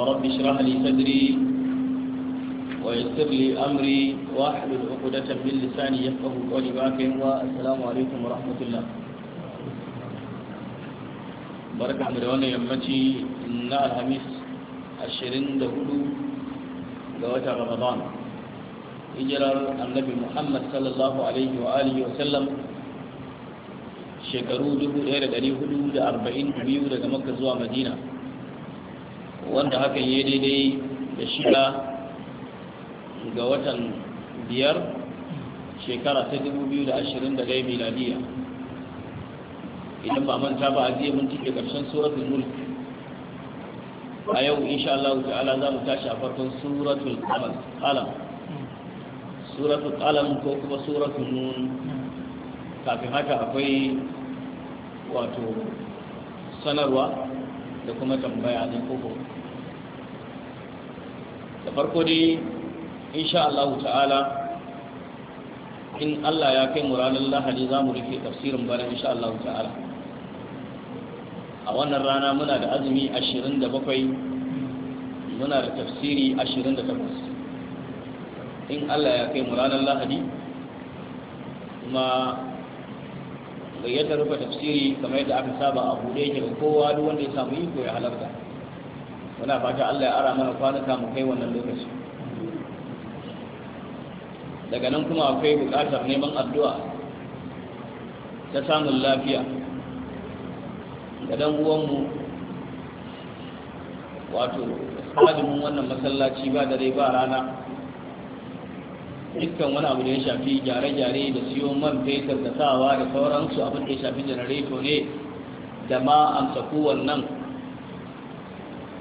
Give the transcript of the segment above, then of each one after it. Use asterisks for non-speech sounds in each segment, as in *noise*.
رب اشرح لي صدري ويسر لي أمري واحلل عقدة من لساني يفقه قولي باكر والسلام عليكم ورحمة الله بركة مدونة يمتي إن الخميس عشرين دهولو دوات رمضان hijirar annabi muhammad sallallahu alaihi wa alihi wa sallam shekaru 1442 daga makka zuwa madina wanda haka ya daidai da shida ga watan biyar shekara ta da 2021 miladiya idan ba manta ba a jiya mun cike karshen suratul mulk a yau insha Allah ta'ala za mu tashi a farkon suratul qalam suratul qalam ko kuma suratul nun kafin haka akwai wato sanarwa da kuma tambaya ne ko da farko dai insha Allah ta'ala in Allah ya kai mu ranar lahadi za mu rike tafsirin bana insha Allah ta'ala a wannan rana muna da azumi 27 muna da tafsiri 28 in Allah ya kai mu ranar lahadi kuma gayyatar rufe tafsiri kamar yadda aka saba a buɗe yake kowa duk wanda ya samu iko ya halarta muna fata Allah ya ara mana kwanuka mu kai wannan lokaci daga nan kuma akwai buƙatar neman addu'a ta samun lafiya ga dan uwanmu wato mun wannan masallaci ba da dai ba rana dukkan wani abu da ya shafi gyare-gyare da siyo man fetur da sawa da sauransu abin da ya shafi janareto ne da ma amsa kowannan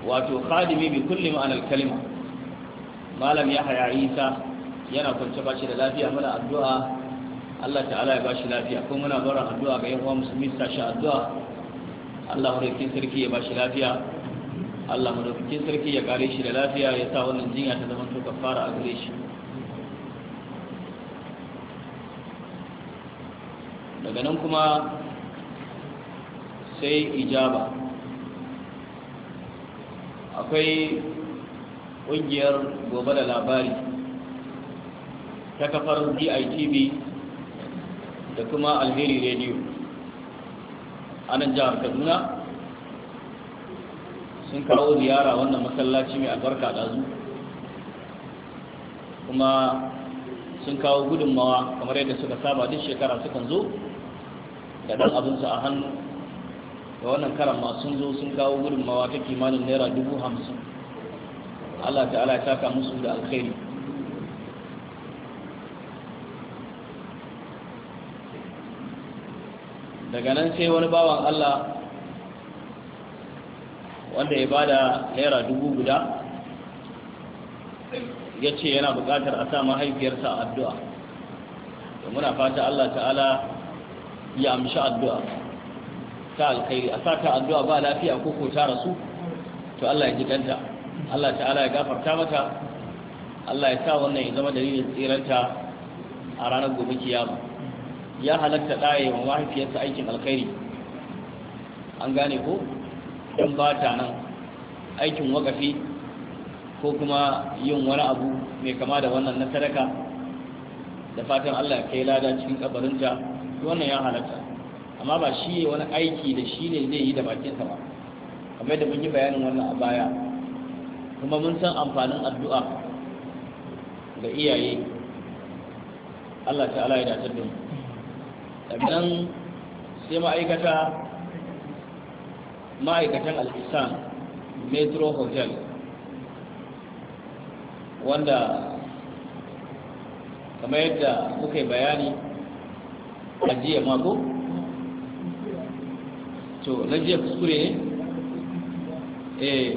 wato khadimi bi kulli ma'anar kalima malam ya haya isa yana kwance bashi da lafiya mana addu'a Allah ta'ala ya bashi lafiya kuma muna barin addu'a ga yan uwa musulmi sa shi addu'a Allah madaukakin sarki ya bashi lafiya Allah madaukakin sarki ya kare shi da lafiya ya sa wannan jinya ta zama to fara a gare shi daga nan kuma sai ijaba akwai ƙungiyar gobe da labari ta kafar DITV da kuma alheri radio a nan jihar kaduna sun kawo ziyara wannan masallaci mai albarka ɗazu kuma sun kawo gudunmawa kamar yadda suka saba duk shekara sukan zo da ɗan abinsu a hannu da wannan karan ma sun zo sun kawo gudunmawa ta kimanin naira dubu hamsin allah ta'ala ya taka musu da alkhairi daga nan sai wani bawan allah wanda ya bada naira dubu guda ya ce yana bukatar a sa mahaifiyarsa addu'a da muna fata allah ta'ala ya amshi addu'a ta alkhairi a sa ta addu'a ba lafiya ko ko ta rasu to Allah ya jikanta Allah ta'ala ya gafarta mata Allah ya sa wannan ya zama dalilin tsiranta a ranar gobe kiyama ya halatta ɗaya wa mahaifiyarsa aikin alkhairi an gane ko in ba ta nan aikin wakafi ko kuma yin wani abu mai kama da wannan na sadaka da fatan Allah ya kai lada cikin kabarinta wannan ya halatta amma ba shi ne wani aiki da shi ne zai yi da bakinsa ba kamar da mun yi bayanin wannan a baya kuma mun san amfanin addu'a ga iyaye Allah ta'ala ya dace da mu sannan sai ma'aikata ma'aikatan al-ihsan metro hotel wanda kamar yadda muka yi bayani a jiya mako to na jiya kuskure ne eh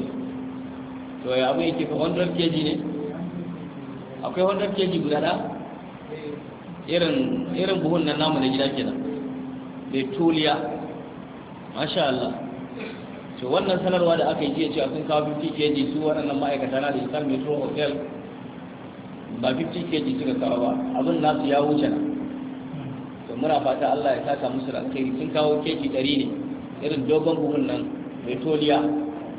to ya abu yake fa 100 kg ne akwai 100 kg guda da irin buhun nan namu na gida kenan mai tuliya masha Allah to wannan sanarwa da aka yi jiya cewa sun kawo 50 kg su waɗannan ma'aikata na da isar metro hotel ba 50 kg suka kawo ba abin nasu ya wuce na to muna fata Allah ya saka musu alkhairi sun kawo keji 100 ne irin dogon buhun nan mai toliya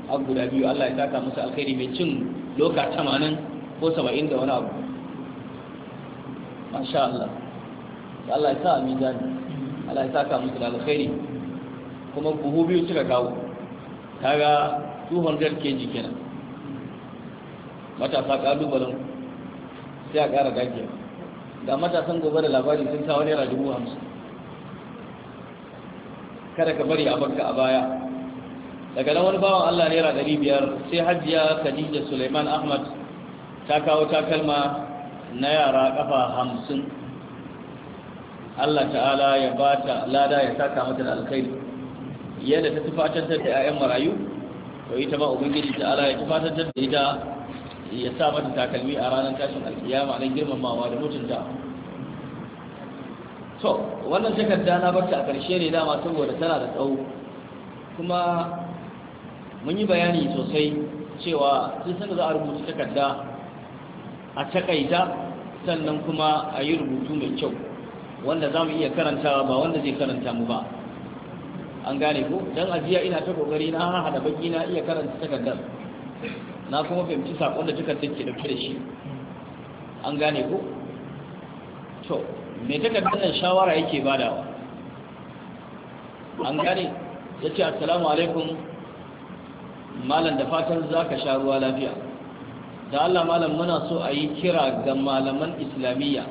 a guda biyu Allah ya saka musu alkhairi mai cin loka 80 ko 70 da wani abu masha Allah Allah ya sa a mizani Allah ya saka musu da alkhairi kuma buhu biyu suka kawo kaga 200 kg kenan matasa kalubalen sai a kara dajiya da matasan gobe da labari sun kawo naira dubu hamsin kada ka bari a banka a baya daga nan wani bawan Allah naira ɗari biyar sai hajiya Khadija Suleiman Ahmad ta kawo takalma na yara ƙafa hamsin Allah ta'ala ya ba ta lada ya saka mata da alkhairi yadda ta tufatantar da 'ya'yan marayu to ita ma ubangiji ta'ala ya tufatantar da ita ya sa mata takalmi a ranar tashin alkiyama na girmamawa da mutunta to wannan takarda na barta a ƙarshe ne dama saboda tana da tsawo kuma mun yi bayani sosai cewa sun da za a rubuta takarda a takaita sannan kuma a yi rubutu mai kyau wanda za mu iya karantawa ba wanda zai karanta mu ba an gane ko don ajiya ina ta kokari na hada baki na iya karanta takardar na kuma fahimci sakon da takardar ke dauke da shi an gane ko to mai takardar shawara yake badawa an gane ya ce assalamu alaikum malam da fatan za ka sha ruwa lafiya da Allah malam muna so a yi kira ga malaman islamiyya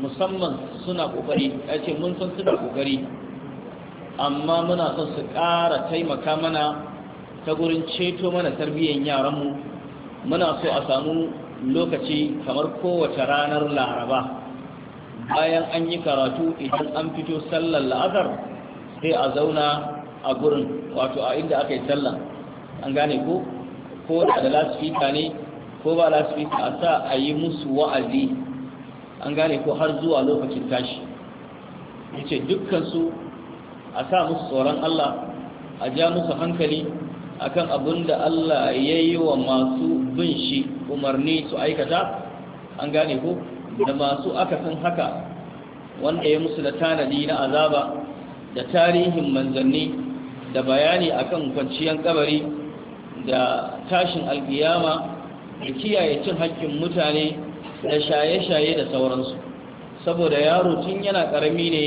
musamman suna kokari ya ce mun san suna kokari amma muna son su ƙara taimaka mana ta gurin ceto mana tarbiyyar yaranmu muna so a samu lokaci kamar kowace ranar laraba bayan an yi karatu idan an fito sallar la'azar sai a zauna a gurin wato a inda aka yi sallar an gane ko ko da lasifika ne ko ba lasifika a sa a yi musu wa'azi an gane ko har zuwa lokacin tashi ce dukkansu a sa musu tsoron Allah a ja musu hankali akan abin da Allah ya yi wa masu bin shi umarni su aikata an gane ko da masu akasin haka wanda ya musu da tanadi na azaba da tarihin manzanni da bayani akan kwanciyar kabari da tashin alkiyama da kiyaye cin haƙƙin mutane da shaye-shaye da sauransu saboda yaro tun yana ƙarami ne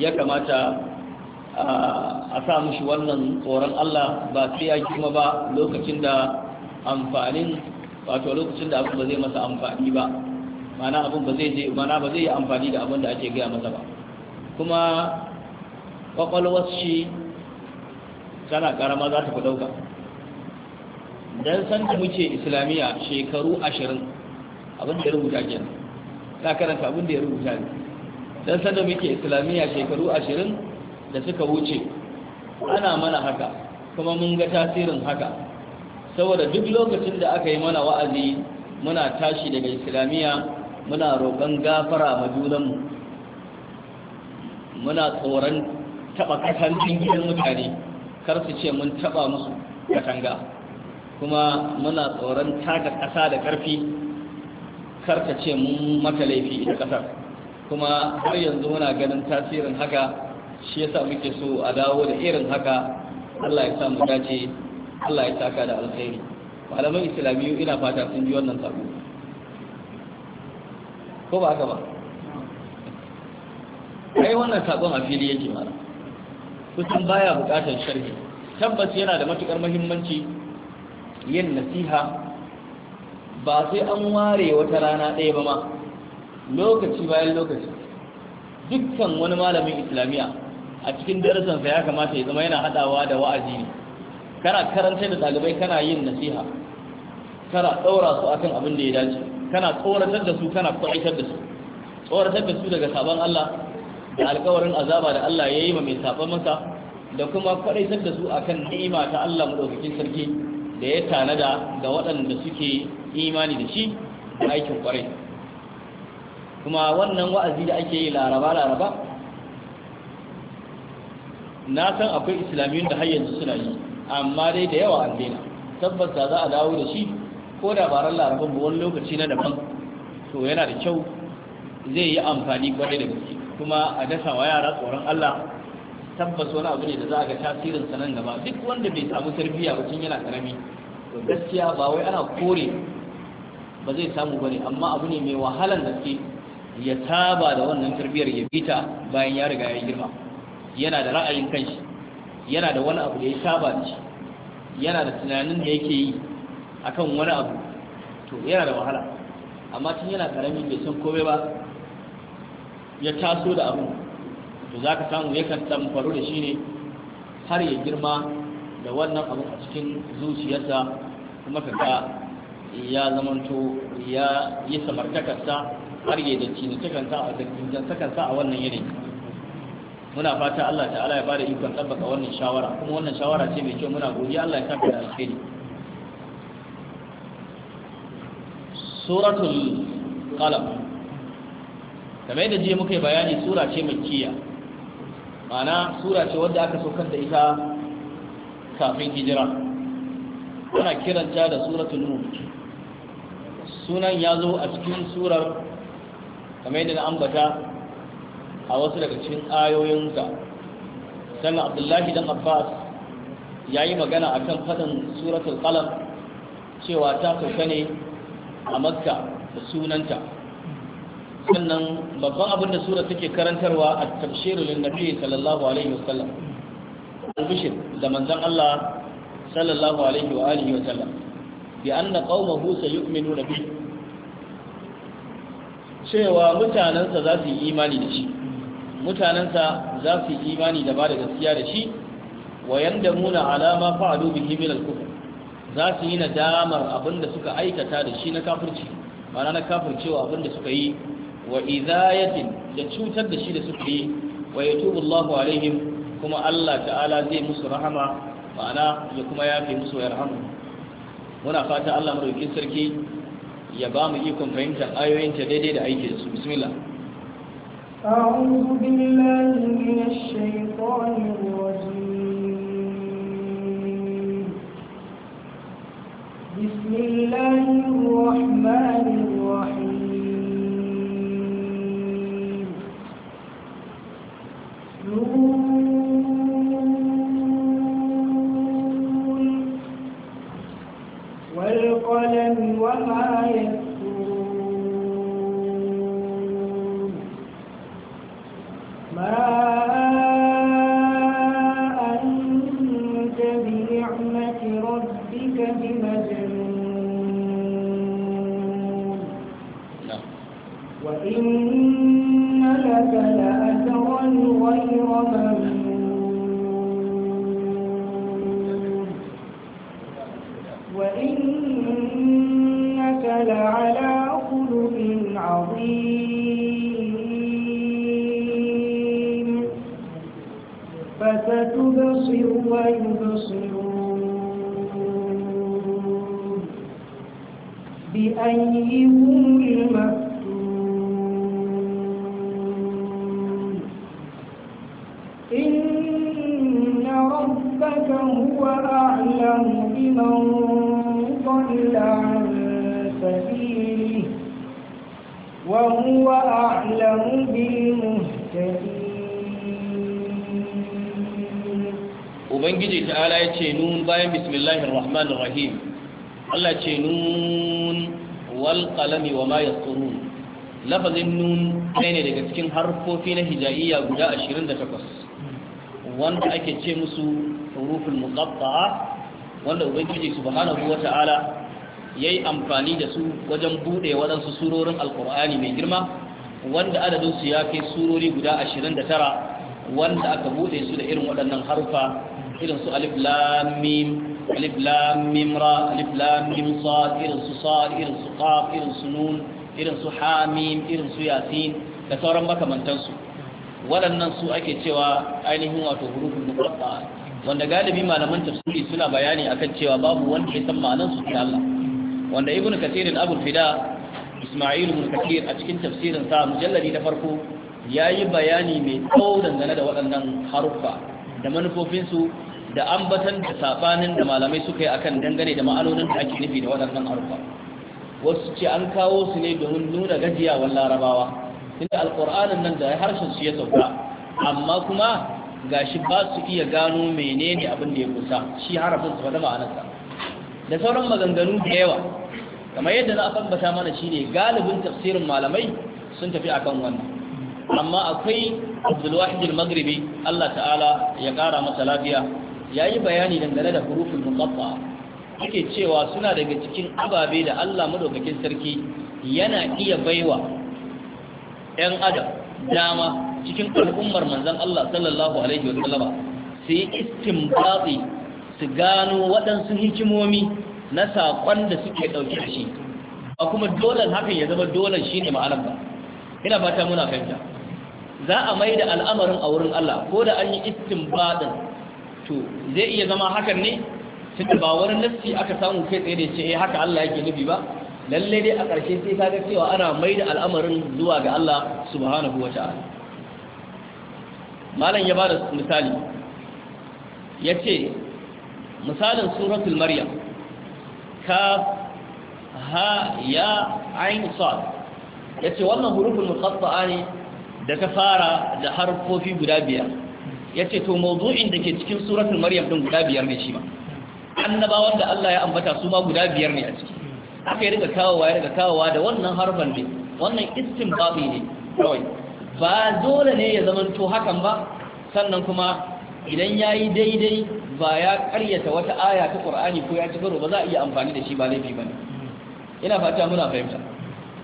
ya kamata a sa mushi wannan tsoron Allah ba sai ya kuma ba lokacin da amfanin wato lokacin da abu ba zai masa amfani ba mana abun ba zai je mana ba zai yi amfani da abin da ake gaya masa ba kuma kwakwalwar shi tana karama za ta fi don san da muke islamiyya shekaru ashirin abin da ya rubuta ke ta karanta abin da ya rubuta ne don san da muke islamiyya shekaru ashirin da suka wuce ana mana haka kuma mun ga tasirin haka saboda duk lokacin da aka yi mana wa'azi muna tashi daga islamiyya muna roƙon gafara ma junanmu muna tsoron taɓa katangan gidan mutane kar su ce mun taɓa musu katanga kuma muna tsoron taka ƙasa da ƙarfi kar ta ce mun mata laifi ita ƙasar kuma har yanzu muna ganin tasirin haka shi yasa muke so a dawo da irin haka Allah ya sa mu dace Allah ya taka da alkhairi malamai islamiyyu ina fata sun ji wannan sabo. ko ba haka ba kai wannan sakon a fili yake mara kusan baya bukatar sharhi tabbas yana da matukar muhimmanci yin nasiha ba sai an ware wata rana ɗaya ba ma lokaci bayan lokaci dukkan wani malamin islamiyya a cikin darasansa ya kamata ya zama yana hadawa da wa'azi ne kana karanta da ɗalibai kana yin nasiha kana ɗaura su akan abin da ya dace kana tsoratar da su kana tsoratar da su tsoratar da su daga sabon Allah da alkawarin azaba da Allah ya yi ma mai saban masa da kuma kwaitar da su akan ni'ima ta Allah madaukakin sarki da ya tanada ga waɗanda suke imani da shi da aikin kwarai kuma wannan wa'azi da ake yi laraba laraba na san akwai islamiyun da har yanzu suna yi amma dai da yawa an Tabbas tabbata za a dawo da shi ko da ba ran ba wani lokaci na daban to yana da kyau zai yi amfani kwarai da gaske kuma a dasa wa yara tsoron Allah tabbas wani abu ne da za a ga tasirin sa nan gaba duk wanda bai samu tarbiyya ba tun yana karami to gaskiya ba wai ana kore ba zai samu bane amma abu ne mai wahalan gaske ya saba da wannan tarbiyyar ya bita bayan ya riga ya girma yana da ra'ayin kanshi yana da wani abu da ya saba da shi yana da tunanin da yake yi akan wani abu to yana da wahala amma tun yana karami bai san komai ba ya taso da abu to za ka samu ya yakan tamfaru da shi ne har ya girma da wannan abu a cikin zuciyarsa kuma ka ga ya zamanto ya yi samartakarsa har yi da cinitakansa a sakansa a wannan yanayi muna fata Allah ta'ala ya bada ikon tabbata wannan shawara kuma wannan shawara ce mai kyau muna godiya Allah ya saka da alheri suratul qalam kamar yadda muka yi bayani sura ce makkiya ma'ana sura ce wadda aka saukar da ita kafin hijira ana kiranta da suratul sunan ya zo a cikin surar kamar yadda na ambata a wasu daga cikin ayoyinsa sannan abdullahi dan abbas ya yi magana kan faɗin suratul qalam cewa ta sauka ne a makka da sunanta sannan babban abinda da sura take karantarwa a tafsirul nabi sallallahu alaihi wasallam albishir da manzon Allah sallallahu alaihi wa alihi wasallam bi anna qaumahu sayu'minuna bi cewa mutanansa za su yi imani da shi mutanansa za su yi imani da ba da gaskiya da shi wa yandamuna alama ma fa'alu bihi min al-kufr za su yi nadamar abin da suka aikata da shi na kafirci mana na kafircewa abin da suka yi wa izayatin da cutar da shi da suka yi wa yatubu Allahu alaihim kuma Allah ta'ala zai musu rahama ma'ana ya kuma yafe musu yarhamu muna fata Allah madaukakin sarki ya ba mu ikon fahimtar ayoyin ta daidai da aikin su bismillah أعوذ بالله من harfofi na hija'iyya guda 28 wanda ake ce musu hurufin muqatta'a wanda ubangiji subhanahu wata'ala yayi amfani da su wajen bude waɗansu surorin alkur'ani mai girma wanda adadin su ya kai surori guda 29 wanda aka bude su da irin waɗannan harfa irin su alif lam mim alif lam mim ra alif lam mim sad irin su sad irin su qaf irin su nun irin su hamim irin su yasin da sauran makamantansu waɗannan su ake cewa ainihin wato hurufin muqatta wanda galibi malaman tafsiri suna bayani akan cewa babu wanda ya san ma'anar su ta Allah wanda ibnu Katirin abul fida isma'il ibn kathir a cikin tafsirin sa mujalladi na farko yayi bayani mai tsawo dangane da waɗannan haruffa da manufofin su da ambatan da sabanin da malamai suka yi akan dangane da ma'anonin da ake nufi da waɗannan haruffa wasu ce an kawo su ne domin nuna gajiya larabawa inda alƙur'anin nan da harshen su ya sauka amma kuma gashi ba su iya gano menene abin da ya kusa shi harafin su faɗi ma'anarsa da sauran maganganu da yawa kamar yadda na tabbata mana shine galibin tafsirin malamai sun tafi akan wannan amma akwai Abdulwahid al-Maghribi Allah ta'ala ya kara masa lafiya yayi bayani dangane da huruful muqatta yake cewa suna daga cikin ababe da Allah madaukakin sarki yana iya baiwa ‘yan adam dama cikin al'ummar manzan Allah sallallahu Alaihi wasallama su yi istimbatsi su gano waɗansu hikimomi na saƙon da suke ɗauke da shi a kuma dolar hakan ya zama dolar shi ne ma'anar ba ina ba ta muna fahimta za a mai da al'amarin a wurin Allah ko da an yi istimbatsin to zai iya zama hakan ne tunda ba wani nassi aka samu kai tsaye da ce eh haka Allah yake nufi ba lalle dai a ƙarshe sai ga cewa ana mai da al'amarin zuwa ga Allah subhanahu wata'ala malam ya bada misali ce misalin suratul maryam ka ha ya ain Ya ce wannan huruful muqatta'a ne da ta fara da harfofi guda biyar ce to mawdu'in da ke cikin suratul maryam din guda biyar ne shi ba annabawan da Allah ya ambata su ma guda biyar ne a ciki aka yi riga kawowa ya riga kawowa da wannan harfan ne wannan istinbabi ne kawai ba dole ne ya zama to hakan ba sannan kuma idan ya yi daidai ba ya karyata wata aya ta ƙur'ani ko ya ci karo ba za a iya amfani da shi ba laifi ba ne ina fata muna fahimta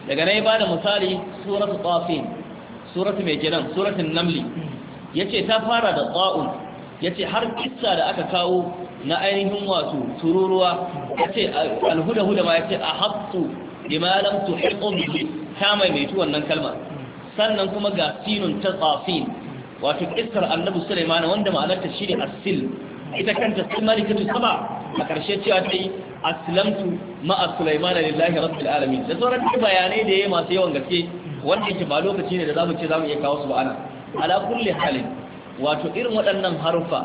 daga yi ba da misali suratu tsafin suratu mai gidan, suratun namli ya ce ta fara da tsa'un ya ce har kissa da aka kawo na ainihin wato tururuwa ya ce alhuda-huda ma ya ce a hattu limalam tu hikunbi mai tuwon nan kalma sannan kuma ga sinun ta tsafin wato kissar annabi Sulaimana, wanda ma'anarta shi ne asil ita kanta sun malikatu a ƙarshe cewa ta yi asilamtu ma'a Sulaimana lillahi rabbil alamin da sauran bayanai da ya masu yawan gaske wanda yake ba lokaci ne da za mu ce za mu iya kawo su ba ana ala kulli halin wato irin waɗannan haruffa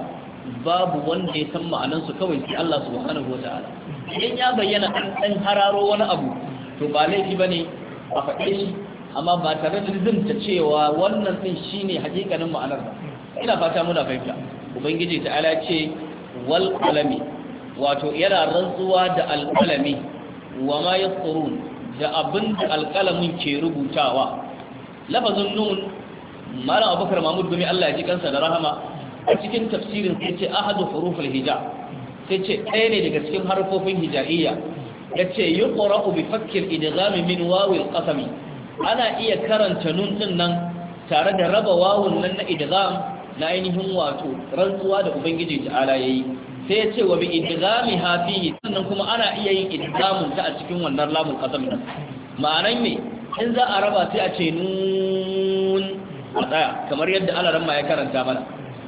babu wanda ya san ma'anansu kawai sai Allah subhanahu wata'ala idan ya bayyana an ɗan hararo wani abu to ba laifi ne, a faɗe shi amma ba tare da ta cewa wannan din shine hakikanin ma'anar ba ina fata muna fahimta ubangiji ala ce wal wato yana rantsuwa da al qalami wa ma yasqurun da abin da ke rubutawa lafazin nun malam abubakar mahmud gumi allah ya ji kansa da rahama a cikin tafsirin sai ce ahadu huruful hija sai ce ɗaya ne daga cikin harfofin hija'iyya ya ce yi ƙora'u ubi fakkin idizami min wawil ƙasami ana iya karanta nun ɗin nan tare da raba wawun nan na idigam na ainihin wato rantsuwa da ubangiji Ala ya yi sai ya ce wa bi idigami hafihi sannan kuma ana iya yin idizamun ta a cikin wannan lamun ƙasami ma'anai ne in za a raba sai a ce nun a tsaya kamar yadda alaramma ya karanta mana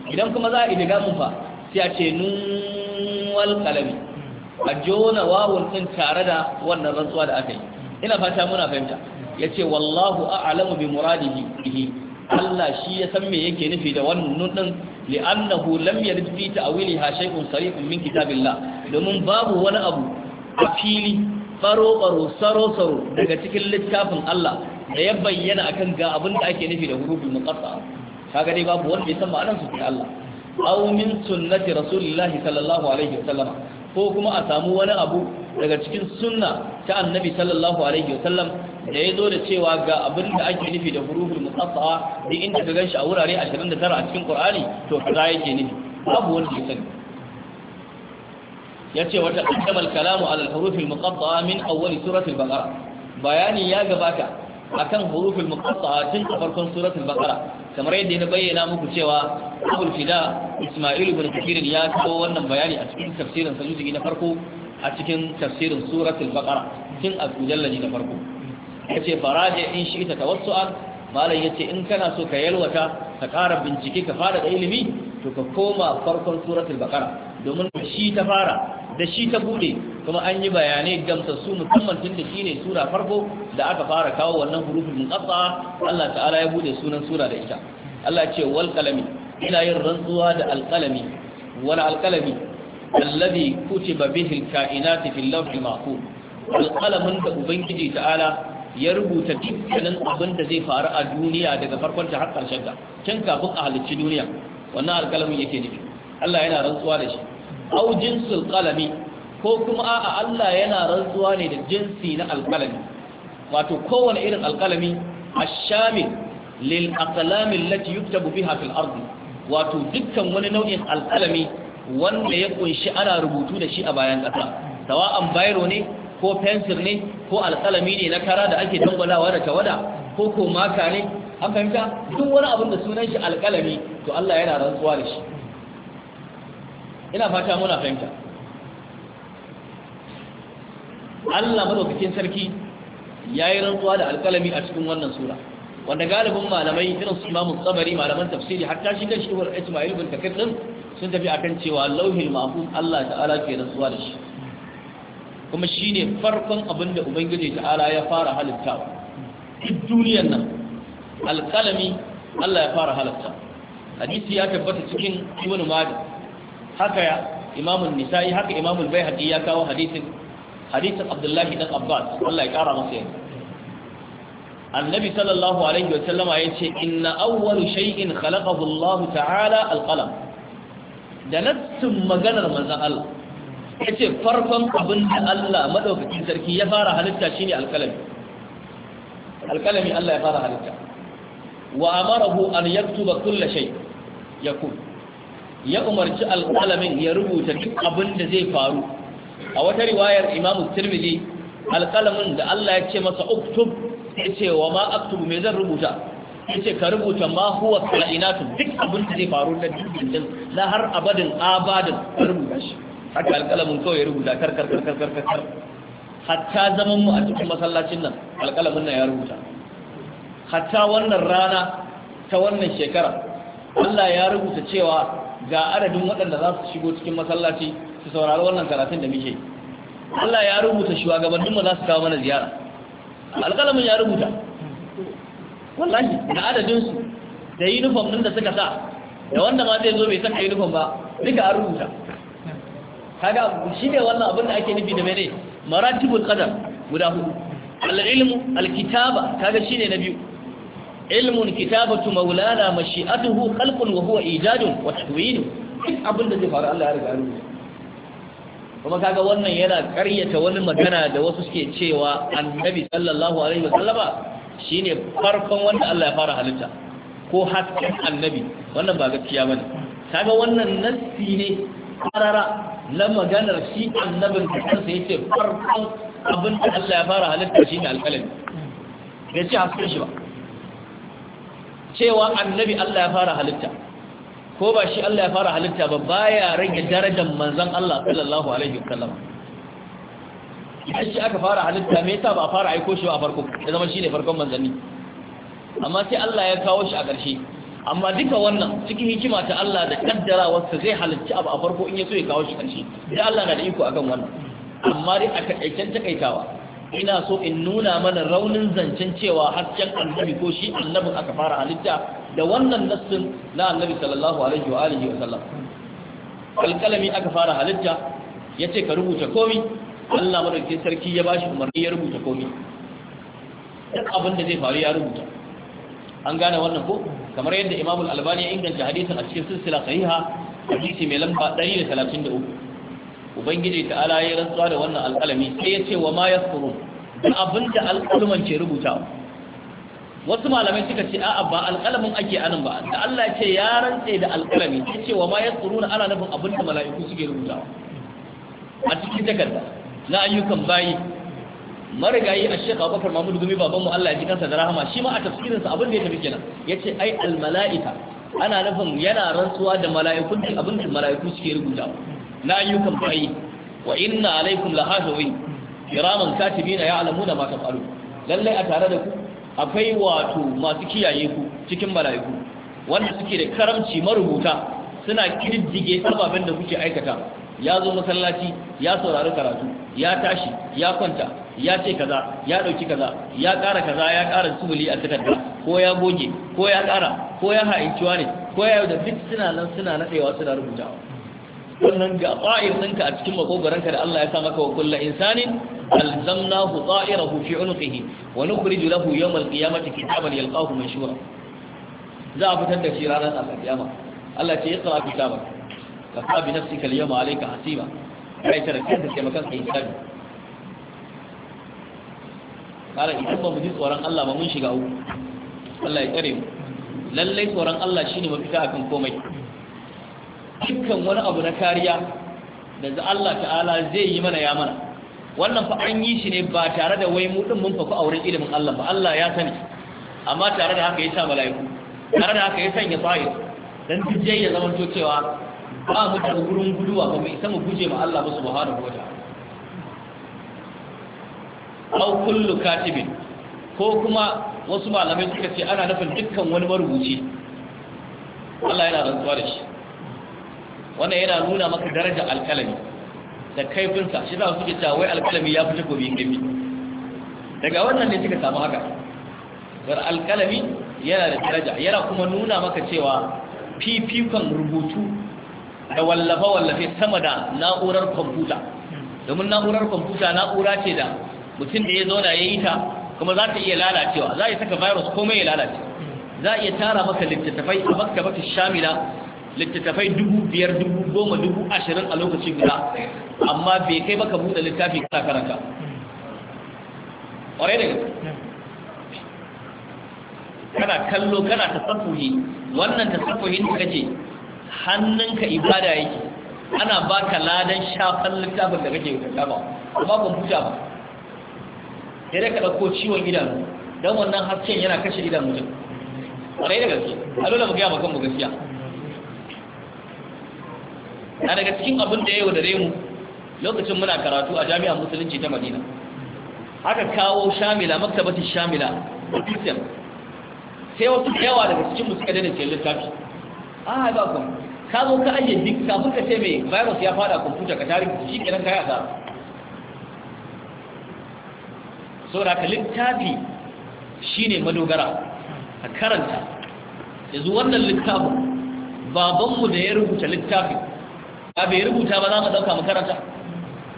idan kuma za a idiga mun fa sai a ce nun kalami. a jona wawun din tare da wannan rantsuwa da aka yi ina fata muna fahimta yace wallahu a'lamu bi muradi bihi Allah shi ya san me yake nufi da wannan nun din li'annahu lam yarid fi ta'wiliha shay'un sarihun min kitabillah domin babu wani abu a fili faro baro saro saro daga cikin littafin Allah da ya bayyana akan ga abin da ake nufi da hurufin muqatta kaga dai babu wanda ya san ma'anar su sai Allah aw min sunnati rasulillahi sallallahu alaihi wasallam ko kuma a samu wani abu daga cikin sunna ta annabi sallallahu alaihi wasallam da ya zo da cewa ga abin da ake nufi da hurufin muqatta da inda ka ganshi a wurare 29 a cikin Qur'ani to kaza yake nufi babu wanda ya sani yace wata qaddama kalamu ala al-huruf al-muqatta'a min awwal surati al-baqara bayani ya gabata akan hurufin muqatta'a tun a farkon suratul baqara kamar yadda na bayyana muku cewa Abul Fida Isma'il ibn Kathir ya kawo wannan bayani a cikin tafsirin sa na farko a cikin tafsirin suratul baqara tun a mujalladi na farko yace faraje in shi ta tawassu'an malam yace in kana so ka yalwata ka ƙara bincike ka fara da ilimi to ka koma farkon suratul baqara domin shi ta fara da shi ta bude kuma an yi bayanai gamsassu musamman tun da shine sura farko da aka fara kawo wannan hurufin muqatta Allah ta'ala ya bude sunan sura da ita Allah ce wal qalami ina yin rantsuwa da alqalami wal alqalami alladhi kutiba bihi alkainati fil lawhil mahfuz alqalamin da ubangiji ta'ala ya rubuta dukkanin abin da zai faru a duniya daga farkon ta har karshen ta tun kafin a halicci duniya wannan alqalamin yake nufi Allah yana rantsuwa da shi au jinsul qalami ko kuma a'a Allah yana rantsuwa ne da jinsi na alƙalami wato kowane irin alƙalami ashamil lil aqlami allati yuktabu biha fil ardi wato dukkan wani nau'in alƙalami wanda ya kunshi ana rubutu da shi a bayan ƙasa sawa'an bayro ne ko fensir ne ko alƙalami ne na kara da ake dangwalawa da tawada ko ko maka ne an fahimta duk wani abin da sunan shi alƙalami to Allah yana rantsuwa da shi ina fata muna fahimta Allah madaukakin sarki yayi rantsuwa da alƙalami a cikin wannan sura wanda galibin malamai irin su Imam Tsabari malaman tafsiri hatta shi kan shi Ismail bin Takir din sun tafi akan cewa lauhil mahfuz Allah ta'ala ke rantsuwa da shi kuma shine farkon abin da Ubangiji ta'ala ya fara halittawa duk duniyar nan alƙalami Allah ya fara halitta hadisi ya tabbata cikin Ibn Majah haka ya Imam Nisa'i haka Imam Baihaqi ya kawo hadisin hadisin abdullahi dan abbas Allah ya kara masa yanzu annabi sallallahu alaihi wa sallama yace inna awwal shay'in khalaqahu Allah ta'ala alqalam da nassin maganar manzon Allah yace farkon abin da Allah madaukakin sarki ya fara halitta shine alqalami alqalami Allah ya fara halitta wa amarahu an yaktuba kulli shay yakun ya umarci alqalamin ya rubuta duk abin da zai faru a wata riwayar Imam Tirmidhi alqalamin da Allah ya ce masa uktub ce wa ma aktubu me zan rubuta ce ka rubuta ma huwa kainatu duk abin da zai faru da dindindin na har abadin abadin ka rubuta shi haka alqalamin kawai ya rubuta kar kar kar kar kar hatta zaman mu a cikin masallacin nan alqalamin nan ya rubuta hatta wannan rana ta wannan shekara Allah ya rubuta cewa ga adadin waɗanda za su shigo cikin masallaci su saurari wannan karatun da muke Allah ya rubuta mu za su kawo mana ziyara alƙalamin ya rubuta wallahi da su da uniform ɗin da suka sa da wanda ma zai zo bai saka uniform ba duka an rubuta kaga shi wannan abin da ake nufi da mene maratibul qadar guda hudu al-ilmu al-kitaba kaga shine na biyu ilmun kitabatu maulana mashi'atuhu khalqun wa huwa ijadun wa takwin abin da zai faru Allah ya riga rubuta kuma kaga wannan yana karyata wani magana da wasu suke cewa annabi sallallahu alaihi wasallama shine farkon wanda Allah ya fara halitta ko hasken annabi wannan ba gaskiya bane kaga wannan nassi ne karara na maganar shi annabin da kansa yace farkon abin da Allah ya fara halitta shine alqalami bai ce hasken shi ba cewa annabi Allah ya fara halitta ko ba shi Allah ya fara halitta ba baya rage darajar manzon Allah sallallahu alaihi wasallam idan shi aka fara halitta me yasa ba a fara aiko shi ba a farko ya zama shine farkon manzanni amma sai Allah ya kawo shi a ƙarshe amma duka wannan cikin hikima ta Allah da kaddara wasu zai halitta abu a farko in ya so ya kawo shi ƙarshe da Allah na da iko akan wannan amma dai a takaicen takaitawa ina so in nuna mana raunin zancen cewa hasken annabi ko shi annabin aka fara halitta da wannan nassin na annabi sallallahu alaihi wa alihi wa sallam alkalami aka fara halitta yace ka rubuta komi Allah madaukakin sarki ya bashi umarni ya rubuta komi duk abin da zai faru ya rubuta an gane wannan ko kamar yadda Imam Al-Albani ya inganta hadisin a cikin silsila sahiha hadisi mai lamba 133 ubangiji ta ala ya rantsuwa da wannan alƙalami sai ya ce wa ma yasfurun da abinda alƙalman ke rubuta wasu malamai suka ce a'a ba alƙalamin ake anan ba da Allah ya ce ya rantse da alƙalami ya ce wa ma yasfurun ana nufin abinda mala'iku suke rubuta. a cikin takarda na ayyukan bayi marigayi a shekha bakar mahmud gumi babanmu Allah ya ji kansa da rahama shi ma a tafsirinsa abin da ya tafi kenan ya ce ai almala'ika ana nufin yana rantsuwa da mala'ikun abin da mala'iku suke rubuta na ayyukan bayi wa inna alaikum lahafizin kiraman katibin ya'lamuna ma taf'alun lalle a tare da ku akwai wato masu kiyaye ku cikin malaiku wanda suke da karamci marubuta suna kirjige ababen da kuke aikata ya zo masallaci ya saurari karatu ya tashi ya kwanta ya ce kaza ya dauki kaza ya kara kaza ya kara subuli a takarda ko ya goge ko ya kara ko ya ha'inci ne ko ya yau da duk suna nan suna nadewa suna rubutawa wannan ga ta'ir ɗinka a cikin makogoranka da Allah ya sa maka wa kullu insanin alzamnahu ta'irahu fi unqihi wa nukhriju lahu yawm alqiyamati kitaban yalqahu manshura za a fitar da shi ranar al-safi'a alqiyama Allah ce yaqra kitaba ka fa bi nafsika al-yawma alayka hasiba kai tarkin da taimakon kai hisabi kare idan ba mu ji tsoron Allah ba mun shiga uku Allah ya tsare mu lallai tsoron Allah shine mafita akan komai dukkan wani abu na kariya da za Allah ta'ala zai yi mana ya mana wannan fa an yi shi ne ba tare da wai mu din mun fa ku auren ilimin Allah ba Allah ya sani amma tare da haka ya sa mala'iku tare da haka ya sanya fa'il dan tijjai ya zama to cewa ba mu da gurin guduwa ba mu isa mu guje ma Allah subhanahu wa ta'ala aw kullu katibin ko kuma wasu malamai suka ce ana nufin dukkan wani marubuci Allah yana rantsuwa da shi wannan yana nuna maka darajar alkalami da kaifinsa shi za suke cewa wai alkalami ya fi takobi gami daga wannan ne suka samu haka dar alkalami yana da daraja yana kuma nuna maka cewa fifikon rubutu da wallafa wallafe sama da na'urar kwamfuta domin na'urar kwamfuta na'ura ce da mutum da ya zauna ya yi ta kuma za ta iya lalacewa za a iya saka virus komai ya lalace za a iya tara maka littattafai a baka baka shamila littattafai dubu biyar dubu goma dubu ashirin a lokaci guda amma bai kai baka buɗe littafi kana karanta ƙwarai da gaske kana kallo kana tasaffuhi wannan tasaffuhin da kake hannunka ibada yake ana baka ladan shafan littafin da kake karanta ba ban kwamfuta ba sai dai ka ɗauko ciwon idanu don wannan hasken yana kashe idan mutum ƙwarai da gaske a dole mu gaya ma mu gaskiya na daga cikin abin da yau da mu lokacin muna karatu a jami'ar musulunci ta madina aka kawo shamila maktabatin shamila ofisiyar sai wasu yawa daga cikin musu suka daina littafi a ah, haifa kuma ka zo ka ayyar duk kafin ka ce mai virus ya fada kwamfuta ka tarihi shi kenan kaya so da ka littafi shine madogara a karanta yanzu wannan littafin babanmu da ya rubuta littafin ba bai rubuta ba za mu ɗauka makaranta.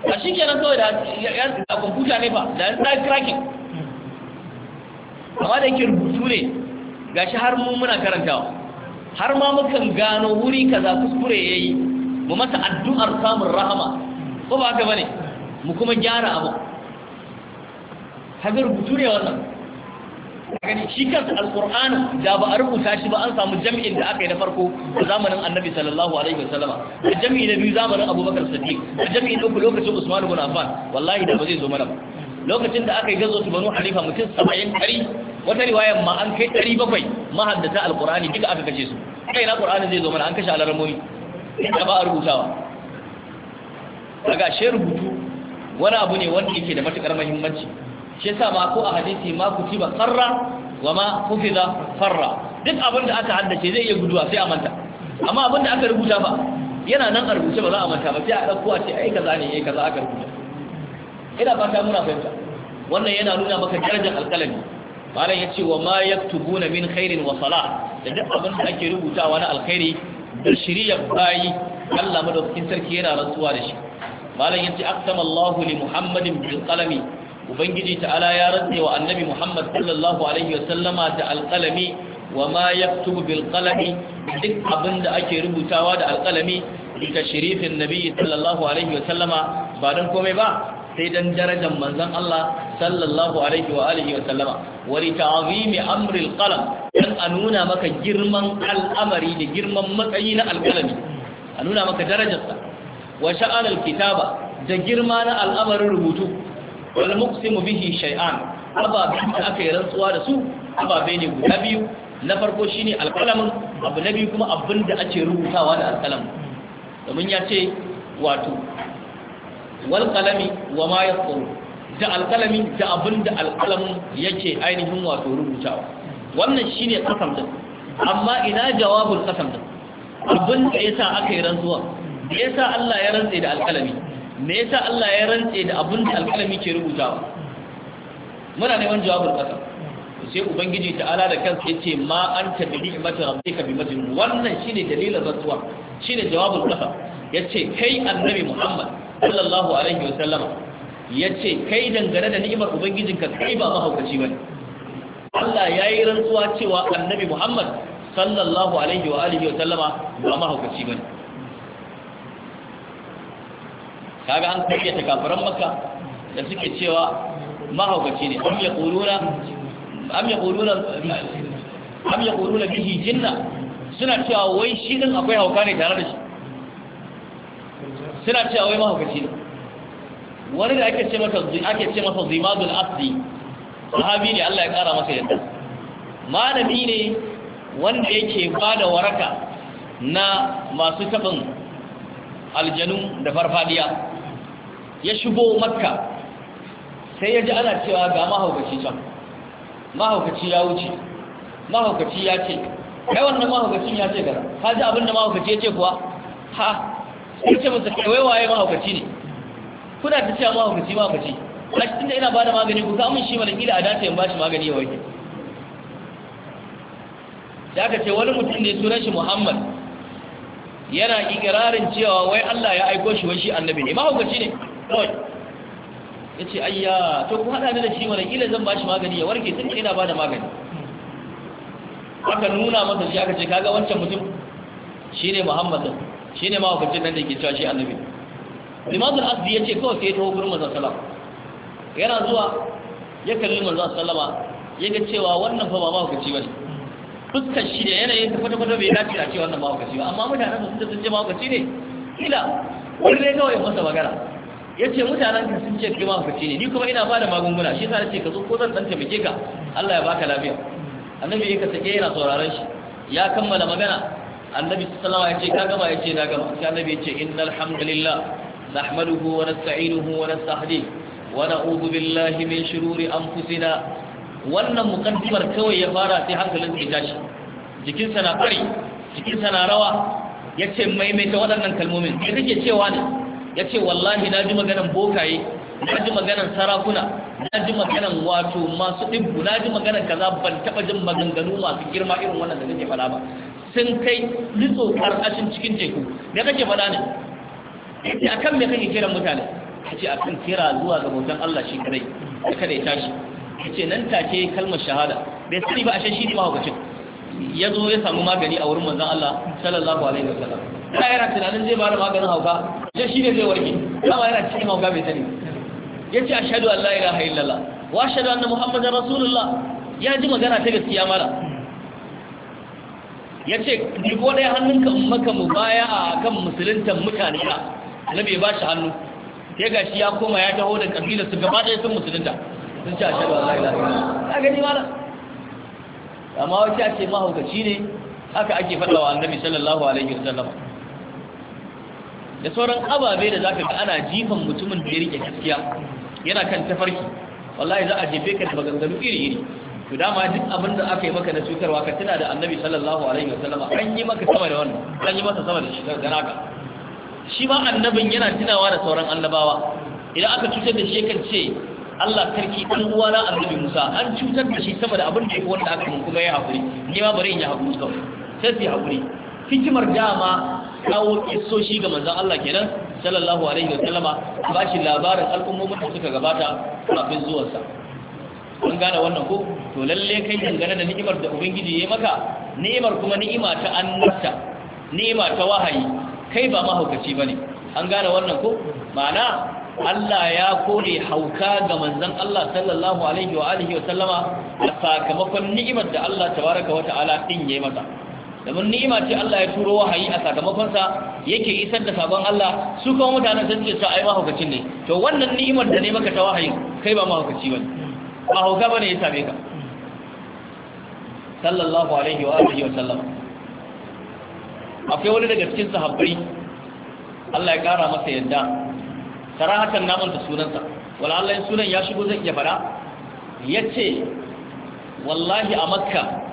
karanta a shi kenan kawai da yan kwamfuta ne ba da yan tsaye cracking amma da yake rubutu ne gashi har mu muna karantawa har ma mukan gano wuri kaza kuskure ya yi mu masa addu'ar samun rahama ko ba haka ba ne mu kuma gyara abu haka rubutu ne wannan shi kansa alkur'ani da ba a rubuta shi ba an samu jami'in da aka yi na farko a zamanin annabi sallallahu alaihi wasallama da jami'i na biyu zamanin abubakar sadiq da jami'i na uku lokacin usman ibn affan wallahi da ba zai zo mana ba lokacin da aka yi gazo su banu halifa mutum saba'in ɗari wata riwayar ma an kai ɗari bakwai mahaddata alkur'ani duka aka kashe su kai na qur'ani zai zo mana an kashe alarmomi da ba a rubutawa daga shi rubutu wani abu ne wanda yake da matukar muhimmanci shi yasa ma ko a hadisi ma ba sarra wa ma hufiza farra duk abin da aka haddace zai iya guduwa sai a manta amma abin da aka rubuta ba yana nan a rubuce ba za a manta ba sai a ɗauko a ce ai kaza ne ai kaza aka rubuta ina fata muna fahimta wannan yana nuna maka darajar alƙalami malam ya ce wa ma yaktubuna min khairin wa salah da duk abin da ake rubutawa na alkhairi da shiriyar bayi Allah madaukakin sarki yana rantsuwa da shi malam ce aqsama Allahu li Muhammadin bil qalami ubangiji ta'ala ya rantsa wa annabi Muhammad sallallahu alaihi wasallama da alqalami wa ma yaktubu bil qalami duk abinda ake rubutawa da alqalami bi tashrifin nabi sallallahu alaihi wasallama ba dan komai ba sai dan darajar manzon Allah sallallahu alaihi wa alihi wa sallama wa li ta'zimi amri alqalam dan a nuna maka girman al'amari da girman matsayi na alqalami a nuna maka darajarsa wa sha'al alkitaba da girma na al'amarin rubutu wal muqsimu bihi shay'an ababen da aka yi rantsuwa da su ababe ne guda biyu na farko shine alqalamin abu na biyu kuma abin da ake rubutawa da alqalam domin ya ce wato wal qalami wa ma yaqulu da alqalami da abin da alqalamin yake ainihin wato rubutawa wannan shine kasam din amma ina jawabul kasam din abin da yasa aka yi rantsuwa da yasa Allah ya rantsa da alqalami me yasa Allah ya rantse da abin da alƙalami ke rubutawa muna neman jawabin ƙasa sai ubangiji ta'ala da kansa yace ma anta bi ni'mati rabbika bi majnun wannan shine dalilin rantsuwa shine jawabin ƙasa yace kai annabi Muhammad sallallahu alaihi wa sallama yace kai dangane da ni'imar ubangijinka kai ba mahaukaci bane Allah yayi rantsuwa cewa annabi Muhammad sallallahu alaihi wa alihi wa sallama ba mahaukaci bane kaga an kariya ta kafiran maka da suke cewa mahaukaci ne am ya am yaquluna am bihi jinna suna cewa wai shi din akwai hauka ne tare da shi suna cewa wai mahaukaci ne wani da ake ce masa ake ce sahabi ne Allah ya kara masa yadda malami ne wanda yake bada waraka na masu tabin aljanu da farfadiya ya shigo makka sai ya ji ana cewa ga mahaukaci can mahaukaci ya wuce mahaukaci ya ce kai wannan mahaukacin ya ce gara ka ji abinda mahaukaci ya ce kuwa ha sai ce musu kai waye mahaukaci ne kuna ta cewa mahaukaci mahaukaci a cikin da ina ba da magani ku kamun shi mana kila a dace in ba shi magani ya warke da aka ce wani mutum ne sunan shi muhammad yana ikirarin cewa wai allah ya aiko shi wai shi annabi ne mahaukaci ne kawai ya ce ayya to ku haɗa ni da shi mana ƙila zan ba shi magani ya warke tun ina ba da magani aka nuna masa shi aka ce kaga wancan mutum shi ne muhammad shi ne mawakacin nan da ke cewa shi annabi limazin asdi ya ce kawai sai ya taho gurin manzon salama yana zuwa ya kalli manzon salama ya ga cewa wannan fa ba mawakaci ba ne fuskar shi da yanayin ta kwata-kwata bai dace a ce wannan mawakaci ba amma mutanen sun ce sun ce mawakaci ne kila wani dai kawai masa magana ya ce mutanen ka sun ce kima mahaukaci ne ni kuma ina ba da magunguna shi sa ce ka zo ko zan dan taimake ka Allah ya baka lafiya annabi ya kasake yana sauraron shi ya kammala magana annabi sallallahu alaihi ya ce ka gama ya ce na gama sai annabi ya ce innal hamdalillah nahmaduhu wa nasta'inuhu wa nastahdi wa na'udhu billahi min shururi anfusina wannan mukaddimar kawai ya fara sai hankalin ya tashi jikinsa na bari jikinsa na rawa yace maimaita waɗannan kalmomin da kake cewa ne ya ce wallahi na ji maganan bokaye na ji maganan sarakuna na ji maganan wato masu ɗibbu na ji maganan kaza ban taɓa jin maganganu masu girma irin wannan da nake faɗa ba sun kai litso ƙarƙashin cikin teku me kake faɗa ne ya kan me kake kiran mutane A ce a kan kira zuwa ga bautan Allah shi kadai ya kada ya tashi ya ce nan take kalmar shahada bai sani ba a shan shi ne mahaukacin ya zo ya samu magani a wurin manzan Allah sallallahu alaihi wasallam da yana tunanin zai ba da maganin hauka sai shi ne zai warke dama yana cikin hauka bai sani ya ce ashadu an la ilaha illallah wa ashadu anna muhammadan rasulullah ya ji magana ta gaskiya mara ya ce dubo ɗaya hannunka maka mu baya akan kan musuluntan mutane na annabi ya ba hannu sai ga shi ya koma ya taho da kabilar su gaba ɗaya sun musulunta sun ce ashadu an la ilaha illallah ka gani mara amma wata ce mahaukaci ne haka ake faɗa wa annabi sallallahu alaihi wasallam da sauran ababe da zaka ga ana jifan mutumin da ya rike gaskiya yana kan tafarki wallahi za a jefe ka da maganganu iri iri to dama duk abin da aka yi maka na cutarwa ka tuna da annabi sallallahu alaihi wasallam an yi maka sama da wannan an yi masa sama da shi da naka shi ma annabin yana tunawa da sauran annabawa idan aka cutar da shi kan ce Allah sarki dan uwana annabi Musa an cutar da shi sama da abin da yake wanda aka mun kuma ya hakuri ni ma bari in yi hakuri sai sai hakuri hikimar dama kawo kisoshi ga manzon Allah kenan sallallahu alaihi wa sallama ba shi labarin al'ummomin da suka gabata kafin zuwansa kun gane wannan ko to lalle kai dangane da ni'imar da ubangiji ya maka ni'imar kuma ni'ima ta annabta ni'ima ta wahayi kai ba mahaukaci bane an gane wannan ko ma'ana Allah ya kore hauka ga manzon Allah sallallahu alaihi wa alihi wa sallama sakamakon ni'imar da Allah tabaraka wa ta'ala din yayi maka. domin ni'ima ce Allah ya turo wahayi a sakamakonsa yake isar da sabon Allah su kuma mutanen sun ce su ai mahaukacin ne to wannan ni'imar da ne maka ta wahayi kai ba mahaukaci bane mahauka bane ya same ka sallallahu alaihi wa alihi wa sallam akwai wani daga cikin sahabbai Allah ya kara masa yadda sarahatan namanta sunansa wala Allah sunan ya shigo zan iya fara yace wallahi a makka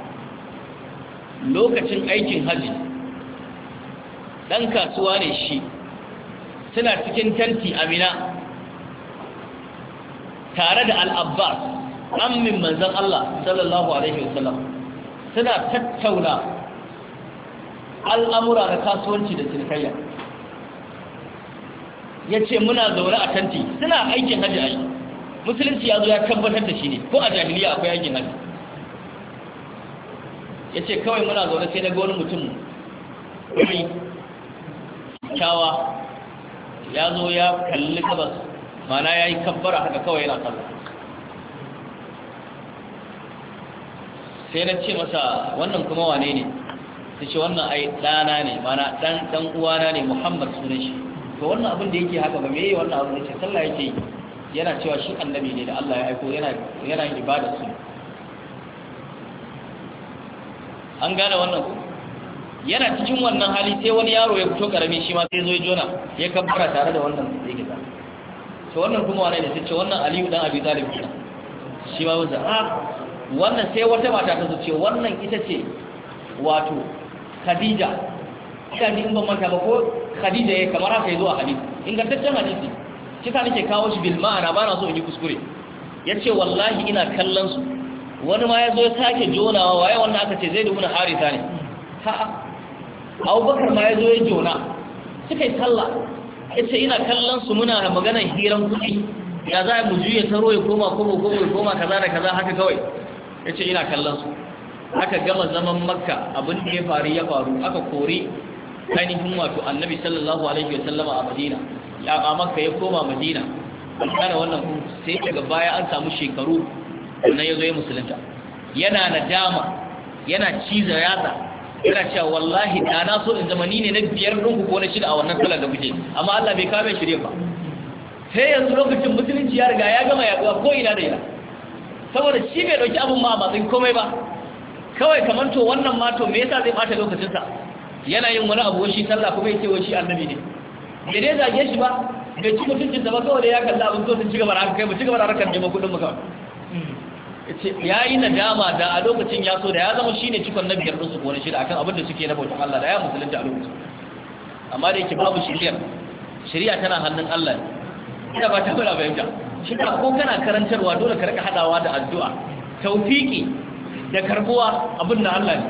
lokacin aikin haji ɗan kasuwa ne shi suna cikin tanti amina tare da al'abbas ammin manzan Allah sallallahu Alaihi wasallam suna tattauna al'amura na kasuwanci da cinikayya ya ce muna zaune a tanti suna aikin haji a yi musulunci ya zo ya tabbatar da shi ne ko a jahiliya akwai aikin haji ya ce kawai muna zaune sai na wani mutum wani kyawa ya zo ya kalli kabas mana ya yi kabbara haka kawai yana sallah sai na ce masa wannan kuma wane ne ta ce wannan ai ɗana ne mana ɗan ɗan uwana ne muhammad sunan shi to wannan abin da yake haka ba me yi wannan abin da ce sallah yake yana cewa shi annabi ne da allah ya aiko yana yin ibadar su an gane wannan ku yana cikin wannan hali sai wani yaro ya fito karami shi ma sai zo ya jona ya kabbara tare da wannan zai gida to wannan kuma wani ne sai ce wannan aliyu dan abi talib kuma shi ma wanda a ah, wannan sai wata mata ta ce wannan ita ce wato khadija ita ni in ban manta ba ko khadija ya kamar haka yazo a hadisi ingantaccen hadisi shi ka nake kawo shi bil ma'ana ba na so in yi kuskure yace wallahi ina kallon su wani ma ya zo ya sake jonawa waye wannan aka ce zai dubuna harisa ne ha'a abubakar ma ya zo ya jona suka yi Ya ce ina kallon su muna maganar hiran kuɗi ya za mu juya taro ya koma koma koma ya koma kaza da kaza haka kawai ya ce ina kallon su aka gama zaman makka abin da ya faru ya faru aka kori ainihin wato annabi sallallahu alaihi wa sallama a madina a makka ya koma madina kana wannan sai daga baya an samu shekaru sannan ya zo ya musulunta yana dama yana cizo yatsa yana cewa wallahi da na so in zama ni ne na biyar ɗinku ko na shida a wannan kalar da kuke amma Allah bai kame ne ba sai yanzu lokacin musulunci ya riga ya gama yaduwa ko ina da ina saboda shi bai ɗauki abin ma a matsayin komai ba kawai kamar to wannan ma to me yasa zai bata lokacinsa yana yin wani abu shi sallah kuma yake wai shi annabi ne Me dai zage shi ba bai ci da ba kawai da ya kalla abin to sun ci gaba da haka kai mu ci gaba da harkar neman kudin mu kawai ya yi nadama da a lokacin ya so da ya zama shi ne cikon na biyar rusu ko na shida akan abin da suke na bautan Allah da ya musulunta a lokacin amma da yake babu shiriyar shiriya tana hannun Allah ina ba ta fara bayyana shi ka ko kana karantarwa dole ka rika hadawa da addu'a tawfiki da karbuwa abin da Allah ne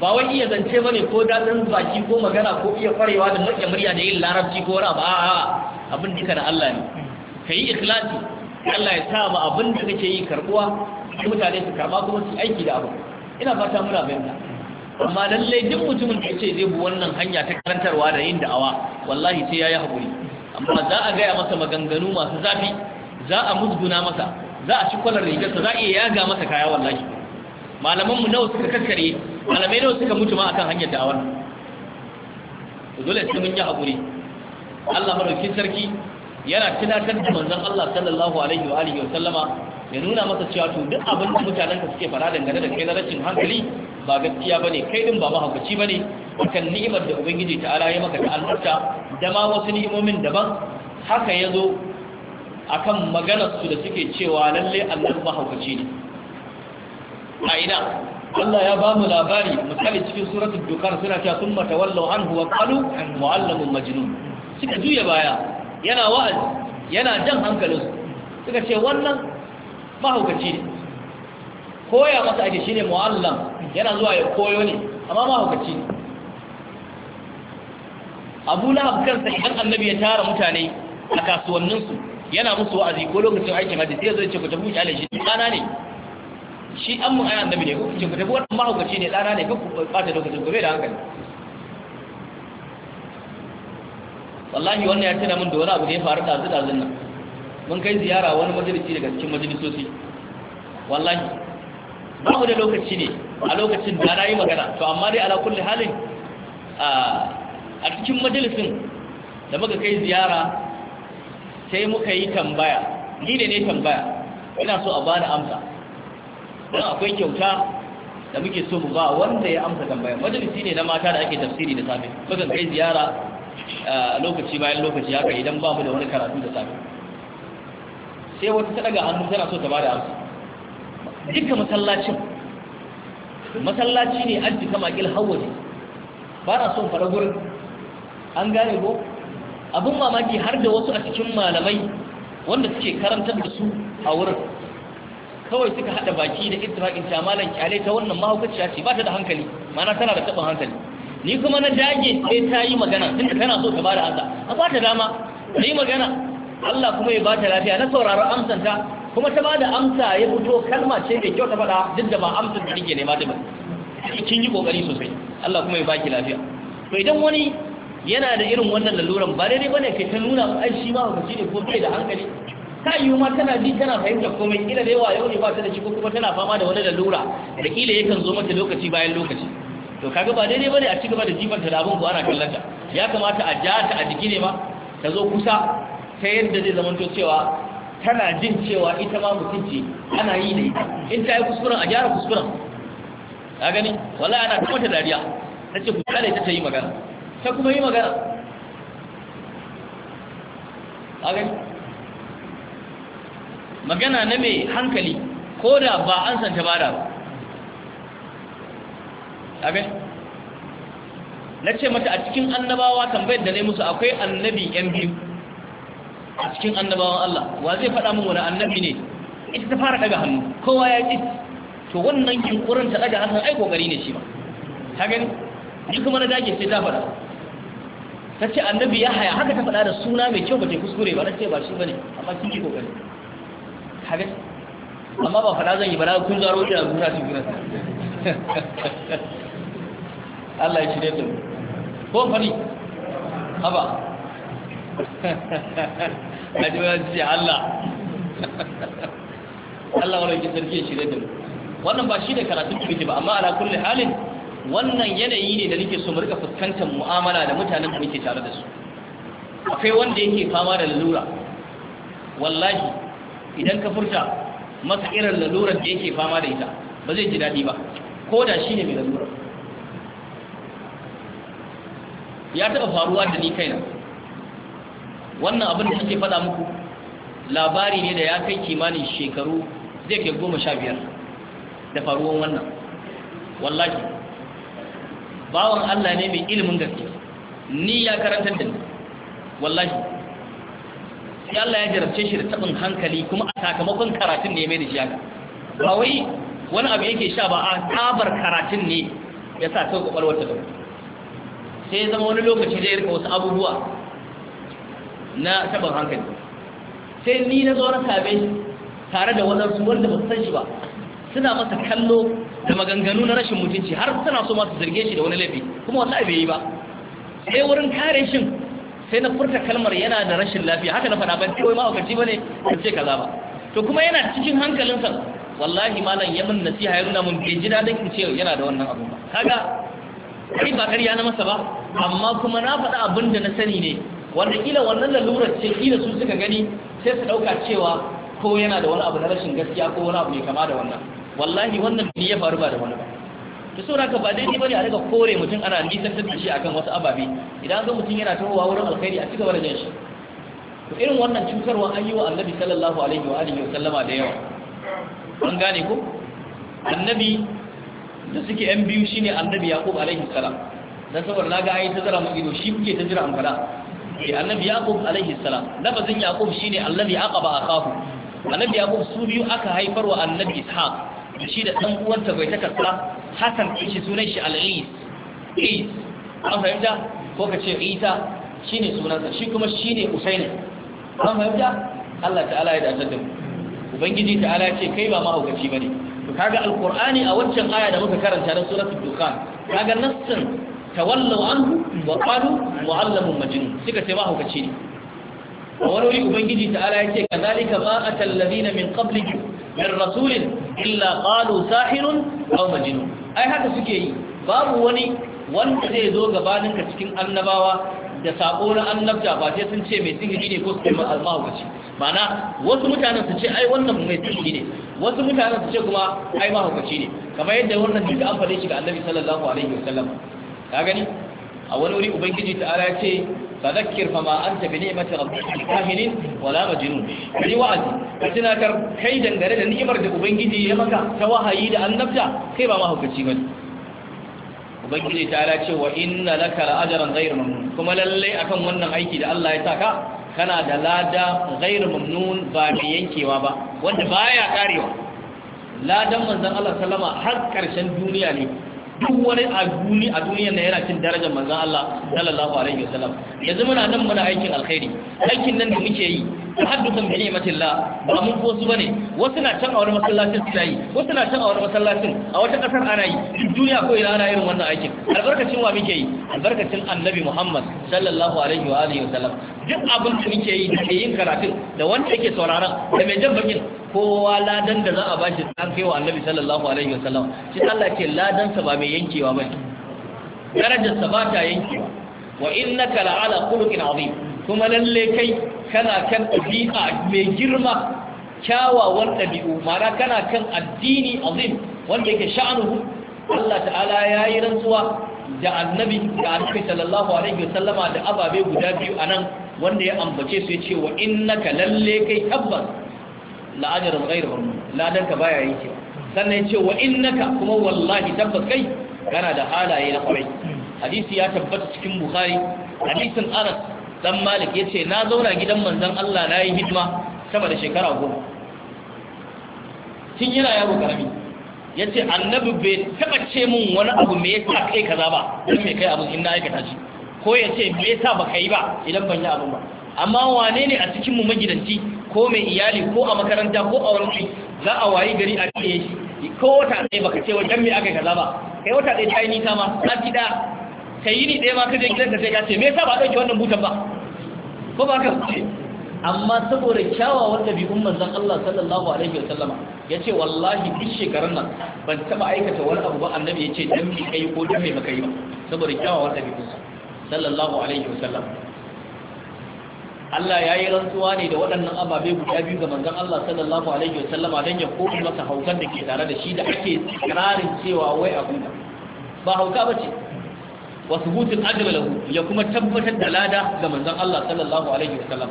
ba wai iya zance bane ko dadin baki ko magana ko iya farewa da mutum murya da yin larabci ko wani abu a'a abin duka da Allah ne kai ikhlasi Allah ya sa ma abin da kake yi karbuwa sai mutane su karba kuma su aiki da abu ina fata muna bayyana amma lallai duk mutumin da yace zai bi wannan hanya ta karantarwa da yin da'awa wallahi sai yayi hakuri amma za a gaya masa maganganu masu zafi za a musguna masa za a ci kwalar rigarsa za a iya yaga masa kaya wallahi malamanmu nawa suka kaskare malamai nawa suka mutu ma akan hanyar da'awar dole sai mun yi hakuri Allah madaukakin sarki yana tunatar da manzon Allah sallallahu alaihi wa alihi wa sallama ya nuna masa cewa to duk abin da mutanen ka suke fara dangane da kai na rashin hankali ba gaskiya ne kai din ba mahaukaci ne wakan ni'imar da ubangiji ta ala ya maka ta albarka da ma wasu ni'imomin daban haka ya zo akan maganar su da suke cewa lallai Allah mahaukaci ne a ina Allah ya ba mu labari misali cikin suratu dukar suna cewa mata tawallu an huwa kalu mu'allamun majnun suka juya baya yana wa'azi yana jan hankalinsu suka ce wannan mahaukaci ne koya masa ake shine mu'allam yana zuwa ya koyo ne amma mahaukaci ne abu lahab kansa idan annabi ya tara mutane a kasuwanninsu yana musu wa'azi ko lokacin aikin hajji sai zai ce ku tafi shi ɗana ne shi an mun ayan annabi ne ko ce ku tafi wannan mahaukaci ne ɗana ne kuma ku bata lokacin ku bai da hankali wallahi wannan ya tana min da wani abu da ya faru da zuɗa zunna nan mun kai ziyara wani majalisi daga cikin majalisoci wallahi ba mu da lokaci ne a lokacin da na yi magana to amma dai ala kulli halin a cikin majalisin da muka kai ziyara sai muka yi tambaya ni ne ne tambaya ina so a da amsa don akwai kyauta da muke so mu ba wanda ya amsa tambaya majalisi ne na mata da ake tafsiri da safe mukan kai ziyara lokaci bayan lokaci haka idan ba mu da wani karatu da safe sai wata ta daga hannu tana so ta bada amsa dukkan masallacin masallaci ne an jika makil hawaje ba na son fara gurin an gane ko abin mamaki har da wasu a cikin malamai wanda suke karantar da su a wurin kawai suka hada baki da ittifaqin jamalan kyale ta wannan mahaukaciya ce ba ta da hankali ma'ana tana da taɓin hankali ni kuma na dage sai ta yi magana tunda tana so ta bada amsa a ba ta dama ta yi magana Allah kuma ya bata lafiya na sauraron amsanta kuma ta bada amsa ya fito kalma ce mai kyau ta faɗa duk da ba amsar da kike nema ba kin yi kokari sosai Allah kuma ya baki lafiya to idan wani yana da irin wannan laluran ba daidai bane kai ta nuna ai shi ma hukunci ne ko bai da hankali ka yi ma tana ji tana fahimta komai kila da yawa yau ne ba ta da shi ko kuma tana fama da wani lalura da kila yakan zo mata lokaci bayan lokaci to kaga ba daidai bane a ci gaba da jifanta da abin ko ana kallanta ya kamata a ja ta a jiki ne ma ta zo kusa ta yadda zai zamanto cewa tana jin cewa ita ma mutunci ana yi da ita in ta yi kuskuren a gyara kuskuren a gani wala ana ta mata dariya ta ce ku kala ita ta yi magana ta kuma yi magana a gani magana na mai hankali ko da ba an san ta bada ba a gani na ce mata a cikin annabawa tambayar da na musu akwai annabi yan biyu a cikin annabawan Allah wa zai faɗa min wani annabi ne ita ta fara daga hannu kowa ya ji to wannan yunkurin ta daga hannu ai kokari ne shi ba ta gani ni kuma na dage sai ta faɗa ta ce annabi ya haya haka ta faɗa da suna mai kyau ba ke kuskure ba na ce ba shi ba ne amma kin yi kokari ta gani amma ba faɗa zan yi ba na kun zaro shi a zuwa shi gina *laughs* Allah ya shirya da mu ko fari haba a Allah Allah wani sarki ya shirya da wannan ba shi da karatun da ba amma ala kulle halin wannan yanayi ne da nake so mu rika fuskantar mu'amala da mutanen da muke tare da su akwai wanda yake fama da lalura wallahi idan ka furta masa irin lalurar da yake fama da ita ba zai ji daɗi ba ko da shi ne mai lalura ya taɓa faruwa da ni kaina wannan abin da suke faɗa muku labari ne da ya kai kimanin shekaru zai kai goma sha biyar da faruwan wannan wallaki bawan Allah ne mai ilimin gaske ni ya karantar da ni wallaki sai Allah ya jarabce shi da tabin hankali kuma a sakamakon karatun ne mai da shi haka ba wani abu yake sha ba a tabar karatun ne ya sa sau kwakwalwar ta sai zama wani lokaci zai rika wasu abubuwa na taɓin hankali sai ni na zo na same tare da waɗansu wanda ba su san shi ba suna masa kallo da maganganu na rashin mutunci har suna so masu zarge shi da wani laifi kuma wallahi bai yi ba sai wurin kare shin sai na furta kalmar yana da rashin lafiya haka na faɗa ban ce wai ba ne ko ce kaza ba to kuma yana cikin hankalinsa wallahi malam ya nasiha ya nuna mun bai ji dadin in ce yana da wannan abu ba kaga kai ba ƙarya na masa ba amma kuma na faɗa abin da na sani ne wanda kila wannan lalurar ce kila su suka gani sai su dauka cewa ko yana da wani abu na rashin gaskiya ko wani abu mai kama da wannan wallahi wannan ne ya faru ba da wani ba to saboda ka ba daidai bane a daga kore mutum ana nisan da shi akan wasu ababe idan ga mutum yana tahowa wurin alkhairi a cigaba da shi to irin wannan cutarwa an yi wa annabi sallallahu alaihi wa alihi wasallama sallama da yawa an gane ko annabi da suke yan biyu shine annabi yaqub alaihi salam dan saboda naga ayi tazara mu ido shi kuke ta an fara eh annabi yaqub alaihi salam lafazin yaqub shine allazi aqaba akahu annabi yaqub su biyu aka haifar wa annabi ishaq shi da dan uwansa bai takarsa hasan shi sunan shi al-is is an fahimta ko ka ce isa shine sunansa shi kuma shine usaini an fahimta Allah ta'ala ya dace mu ubangiji ta'ala ya ce kai ba mahaukaci bane to kaga alqur'ani a waccan aya da muka karanta na suratul dukhan kaga nassin tawallau anhu wa qalu mu'allamun majinu suka ce mahaukaci ne a wani wuri ubangiji ta'ala yake ba a atal ladina min qablika min rasulin illa qalu sahirun aw majinu. ai haka suke yi babu wani wanda zai zo gabanin ka cikin annabawa da sako na annabta ba sai sun ce mai sihiri ne ko su kuma almahaukaci mana wasu mutanen su ce ai wannan mai sihiri ne wasu mutanen su ce kuma ai mahaukaci ne kamar yadda wannan duka an faɗe shi ga annabi sallallahu alaihi wa sallam. ka gani a wani wuri ubangiji ta'ala ya ce fadhakkir fama anta bi ni'mati rabbika kahinin wala majnun ni wa'azi ka tunatar kai dangare da ni'imar da ubangiji ya maka ta wahayi da annabta kai ba mahaukaci bane ubangiji ta'ala ce wa inna laka la'ajran ghayr mamnun kuma lalle akan wannan aiki da Allah ya saka kana da lada ghayr mamnun ba mai yankewa ba wanda baya karewa ladan manzon Allah sallama har karshen duniya ne duk wani a duni a duniyar na yana cin darajar manzon Allah sallallahu alaihi wasallam yanzu muna nan muna aikin alkhairi aikin nan da muke yi tahaddukan bi ni'matillah ba mun ko su bane wasu na can a wani masallacin su yi wasu na can a wani masallacin a wata kasar ana yi duniya ko ina ana irin wannan aikin albarkacin wa muke yi albarkacin annabi Muhammad sallallahu alaihi wa alihi wasallam duk abin da muke yi da yin karatun da wanda yake sauraron da mai jan bakin kowa ladan da za a bashi an kai wa annabi sallallahu alaihi wasallam shi Allah ce ladan sa ba mai yankewa bane darajar sa ba ta yankewa wa innaka la'ala khuluqin azim kuma lalle kai kana kan dabi'a mai girma kyawawan dabi'u mara kana kan addini azim wanda yake sha'anuhu Allah ta'ala yayi rantsuwa da annabi da annabi sallallahu alaihi wasallama da ababe guda biyu anan wanda ya ambace su yace wa innaka lalle kai tabbas la'ajarin ghairu marmu ladan ka baya yake sannan ya ce wa innaka kuma wallahi tabbas kai kana da halaye na kwarai hadisi ya tabbata cikin bukhari hadisin anas dan malik yace na zauna gidan manzon Allah na yi hidima sama da shekara goma tun yana yaro karami yace annabi bai taba ce mun wani abu me yasa kai kaza ba dan me kai abu in na aikata shi ko yace me yasa baka yi ba idan ban yi abin ba amma wane ne a cikin mu magidanci ko mai iyali ko a makaranta ko a wani za a wayi gari a cikin shi ko wata ɗaya baka ce wajen me aka kaza ba kai wata ɗaya ta yi nisa ma Na ci ɗaya ka yi ni ɗaya ma ka je ka sai ka ce me yasa ba ɗauki wannan butan ba ko ba ka ce amma saboda kyawawan ɗabi'un zan Allah sallallahu alaihi wa sallama ya ce wallahi duk shekarun nan ban taɓa aikata wani abu ba annabi ya ce dan mai kai ko dan me makai yi ba saboda kyawawan umman sallallahu alaihi wa sallam Allah ya yi rantsuwa ne da waɗannan ababe guda biyu ga manzon Allah sallallahu alaihi wasallama don ya koyi masa haukan da ke tare da shi da ake kirarin cewa wai abu ba hauka bace wa thubutul ajr lahu ya kuma tabbatar da lada ga manzon Allah sallallahu alaihi wasallam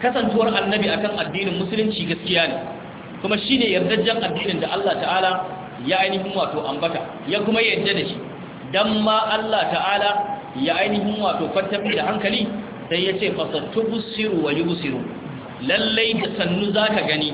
kasantuwar annabi akan addinin musulunci gaskiya ne kuma shine yardajjen addinin da Allah ta'ala ya ainihin wato ambata ya kuma yarda da shi dan ma Allah ta'ala ya ainihin wato kwantar da hankali sai ya ce fasattu busiru wa yubsiru lallai da sannu zaka gani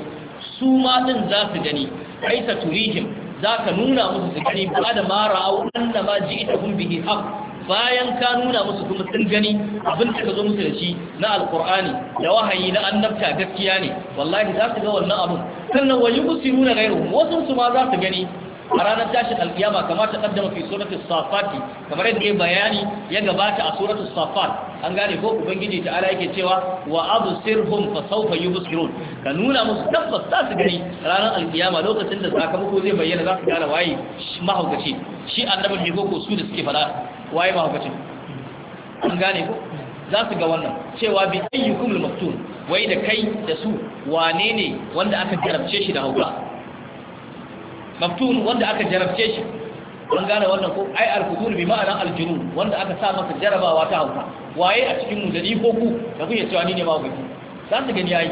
su ma din za su gani aisa turihim zaka nuna musu su gani ba da a ra'au anna ma ji'tahum bihi haqq bayan ka nuna musu kuma sun gani abin da ka zo musu da shi na alkur'ani da wahayi na annabta gaskiya ne wallahi za su ga wannan abin sannan wa yubsiru na gairu wasu su ma za su gani a ranar tashin alkiyama kamar ta kaddama fi suratul safati kamar yadda ya bayani ya gabata a suratul safat an gane ko ubangiji ta ala yake cewa wa absirhum fa sawfa yubsirun ka nuna musu tabbas za su gani ranar alkiyama lokacin da sakamako zai bayyana za su gane waye mahaukaci shi annabi ne ko su da suke fada waye mahaukaci an gane ko za su ga wannan cewa bi ayyukum al-maftun wai da kai da su wane ne wanda aka karamce shi da hauka maftun wanda aka jarabce shi kun gane wannan ko ai al-fudur bi ma'ana al-junun wanda aka sa masa jarabawa ta hauka waye a cikin mu ko ku da kuke cewa ni ne ma gobe za su gani yayi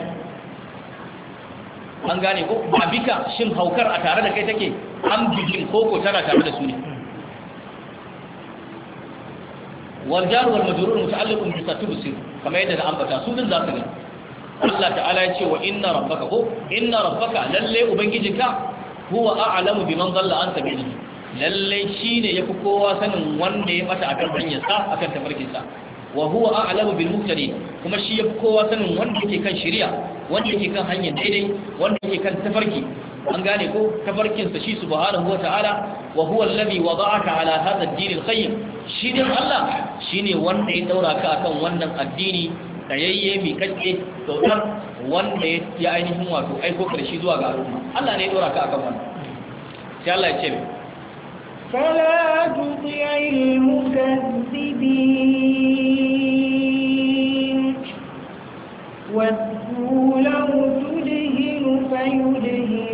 an gane ko ba bika shin haukar a tare da kai take an bijin koko tana tare da su ne wal jar wal majrur muta'alliqun bi satubsi kama yadda da ambata su din za su gani Allah ta'ala ya ce wa inna rabbaka ko inna rabbaka lalle ubangijinka huwa a'lamu biman dalla an sabili lalle shine yafi kowa sanin wanda ya bata akan hanyar sa akan tafarkin sa wa huwa a'lamu bil muhtadin kuma shi yafi kowa sanin wanda yake kan shari'a wanda yake kan hanyar daidai wanda yake kan tafarki an gane ko tafarkin sa shi subhanahu wa ta'ala wa huwa alladhi wada'aka ala hadha ad-din al-qayyim shi din Allah shine wanda ya daura ka akan wannan addini tsayayye mai kake sautar wanda ya ainihin wato aiko karshe zuwa ga al'umma Allah ne ya dora ka a kan wannan sai Allah ya ce فلا تطع المكذبين وادوا لو تدهن فيدهن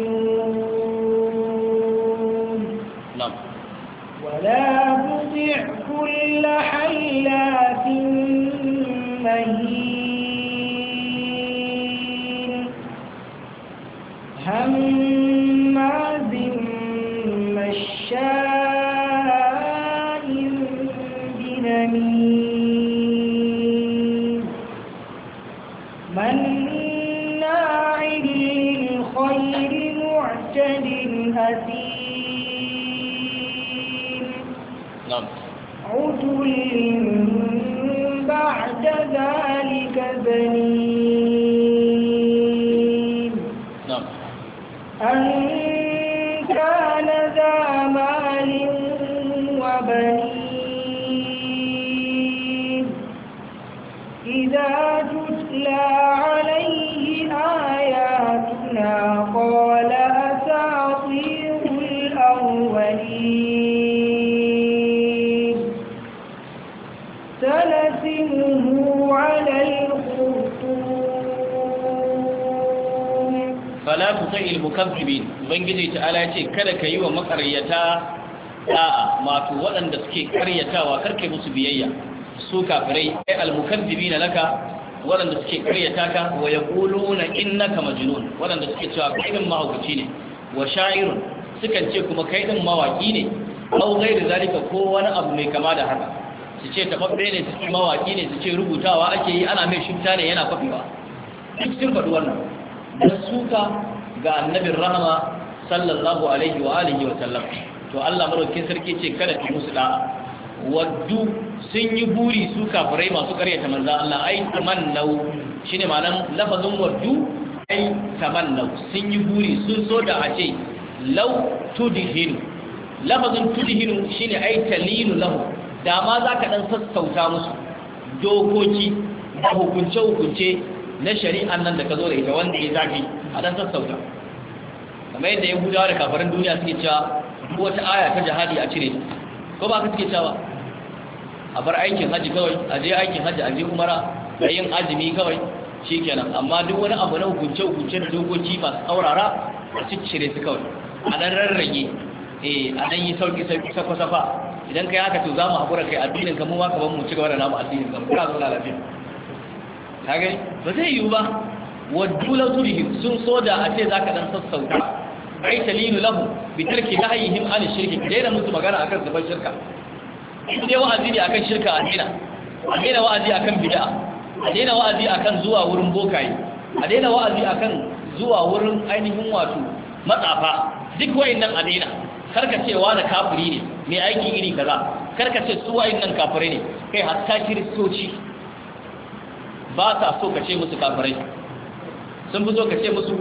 fala tuti'il mukazzibin ubangiji ta'ala ce kada ka yi wa makaryata da'a mato waɗanda suke karyatawa karka musu biyayya su kafirai ai almukazzibin laka waɗanda suke karyata ka wa yaquluna innaka majnun waɗanda suke cewa kai din mahaukaci ne wa sha'irun sukan ce kuma kai din mawaki ne au da zalika ko wani abu mai kama da haka su ce tababbe ne su ce mawaki ne su ce rubutawa ake yi ana mai shifta ne yana kwafewa duk sun faɗi wannan suka ga annabin rahama sallallahu alaihi wa alihi wa sallam to Allah madaukakin sarki ce kada ki musu da'a waddu sun yi buri su kafirai masu karyata manzo Allah ai tamannau shine ma'anar lafazin waddu ai tamannau sun yi buri sun so da a ce law tudhinu lafazin tudhinu shine ai talilu lahu da ma zaka dan sassauta musu dokoki da hukunce hukunce na shari'an nan da ka zo da ita wanda ya zafi a ɗan sassauta kamar yadda yahudawa da kafarin duniya suke cewa ko wata aya ta jihadi a cire ko ba ka suke cewa a bar aikin haji kawai a je aikin haji a je umara da yin azumi kawai kenan amma duk wani abu na hukunce hukunce da dokoki su tsaurara a ciccire su kawai a ɗan rarrage eh, a ɗan yi sauki sauki sakwa safa idan kai haka to za mu haƙura kai addinin ka mu ma ka ban mu ci gaba da namu addinin ka mu ka zo lafiya ka gani ba zai yiwu ba waddu la turihim sun so da a ce za ka dan sassauta ai talinu lahu bi tarki nahyihim an shirki daina musu magana akan zaban shirka su dai wa'azi ne akan shirka a dina a daina wa'azi akan bid'a a daina wa'azi akan zuwa wurin bokaye a daina wa'azi akan zuwa wurin ainihin wato matsafa duk wayannan a dina karka ce wani kafiri ne mai aiki iri kaza karka ce su wayannan kafiri ne kai hatta kiristoci ba sa so ka ce musu kafirai sun fi so ka ce musu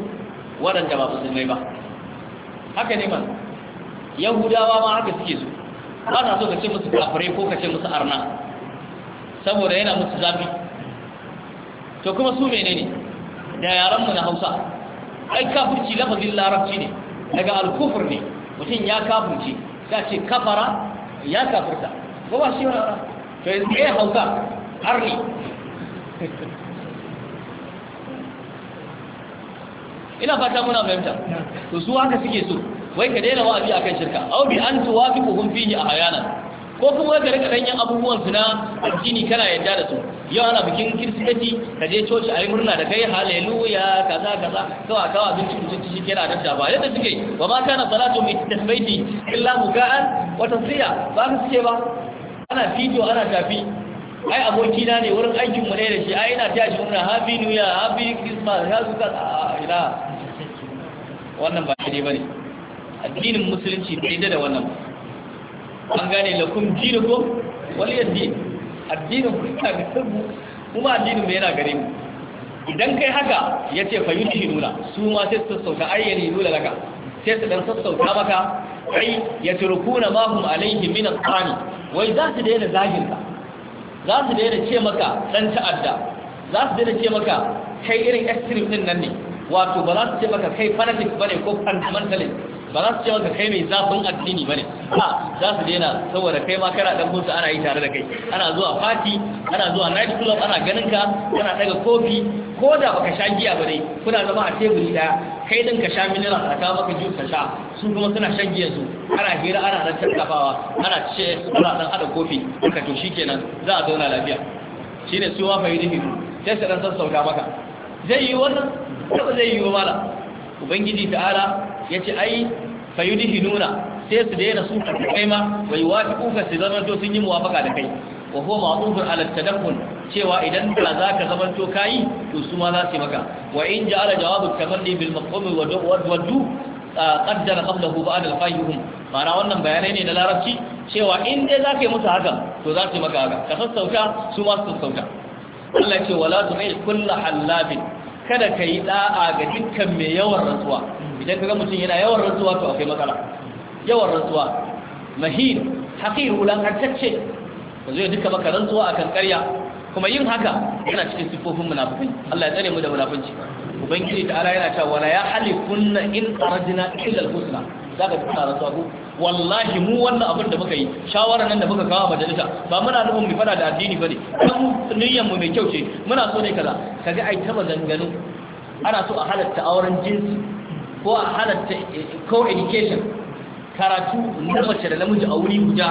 waɗanda ba musulmai ba haka ne ma yahudawa ma haka suke su ba sa so ka ce musu kafirai ko ka ce musu arna saboda yana musu zafi to kuma su menene da yaranmu na hausa ai kafirci lafazin larabci ne daga alkufur ne mutum ya kafirci ta ce kafara ya kafirta ba ba shi wani to yanzu ya eh, hausa har ne *laughs* ina fata muna fahimta to su haka suke so wai ka daina wa'azi akan shirka aw bi an tuwafiquhum fihi ahyana ko kuma ka rika danyen abubuwan su na addini kana yadda da su yau ana bikin kirsimeti ka je coci a yi murna da kai haleluya kaza kaza kawa kawa abinci mutunci shi yana da ba yadda suke wa ma kana salatu mai tasbaiti illa muka'an wa tasriya ba ka suke ba ana fito ana tafi ai aboki na ne wurin aikin mu ne da shi ai ina taya murna happy new year happy christmas ya zuka a ah, ina wannan ba shi ne bane addinin musulunci bai da wannan an gane lakum dinukum waliyaddi addinin kuka ga sabu kuma addinin mai yana gare mu idan kai haka yace ce fayuti nuna su ma sai su sassauta ayyani nuna laka sai su dan sassauta maka kai ya turkuna mahum alaihim min al-qani wai za su daina zagin ka za su daina ce maka ɗan ta'adda za su daina ce maka kai irin extreme ɗin nan ne wato ba za su ce maka kai fanatic ba ne ko fundamentalist ba za su ce maka kai mai zafin addini ba ne Ba za su daina saboda kai ma kana ɗan musu ana yi tare da kai ana zuwa fati ana zuwa night club ana ganin ka kana daga kofi ko da baka sha giya ba dai kuna zama a teburi ɗaya kai ɗin ka sha mineral a kawo maka juice ka sha sun kuma suna shan giyansu ana hira ana nan tattafawa ana ce ana nan hada kofi ka to shikenan za a zauna lafiya shine su wafa yi dihiru sai su dan sassauta maka zai yi wannan ba zai yi mala ubangiji ta'ala yace ai fayudihi nuna sai su daina su kai ma wai wafi kuka su zama to sun yi muwafaka da kai wa huwa ma'rufun ala tadakkun cewa idan ba za ka zama to kai to su ma za su maka wa in ja'ala jawabu tamanni bil maqami wa du'u qaddara qablahu ba'd al-qayyum ma'ana wannan bayanai ne na larabci cewa in dai zaka yi musu haka to za su maka haka ka sassauta su ma su sassauta Allah ce wala tu'il kullu halabin kada ka yi da'a ga dukkan mai yawan rantsuwa idan kaga mutum yana yawan rantsuwa to akwai matsala yawan rantsuwa mahin haqiqu lan hartacce yanzu ya duka maka rantsuwa akan ƙarya kuma yin haka yana cikin sifofin munafiki Allah ya tsare mu da munafinci ubangiji ta ala yana cewa wala ya na in aradna illa al-husna zaka tsara rantsuwa wallahi mu wannan abin da muka yi shawara nan da muka kawo majalisa ba muna nufin mu fada da addini bane kan niyyar mu mai kyau ce muna so ne kaza kaga ai ta maganganu ana so a halatta auren jinsi ko a halatta co eh, education karatu na mace da namiji a wuri guda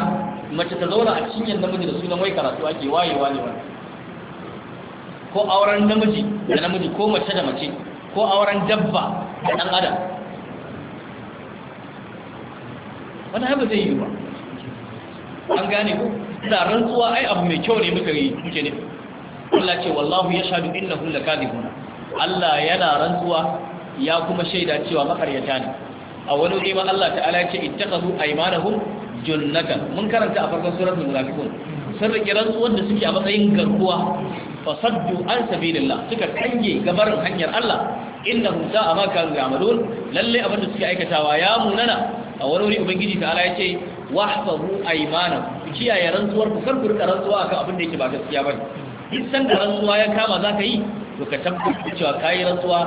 mace ta zauna a cinyar namiji da sunan wai karatu ake wayewa ne wannan ko auren namiji da namiji ko mace da mace ko auren dabba da ɗan adam wani haɓe zai yi ba an gane ku da rantsuwa ai abu mai kyau ne muka yi kuke ne Allah ce wallahu ya shaɗu innahu lakadibuna Allah yana rantsuwa ya kuma shaida cewa makaryata ne a wani wuri ma Allah ta'ala ya ce ittakhadhu aymanahum junnatan mun karanta a farkon suratul munafiqun sun rike rantsuwar da suke a matsayin garkuwa fasaddu an sabilillah suka kange gabarin hanyar Allah innahum sa'a ma kanu ya'malun lalle abin da suke aikatawa ya munana a wani ubangiji ta'ala yace wahfazu aymana ku kiyaye rantsuwar ku kar ku rika rantsuwa akan abin da yake ba gaskiya bane duk san da rantsuwa ya kama zaka yi to ka tabbata cewa kai rantsuwa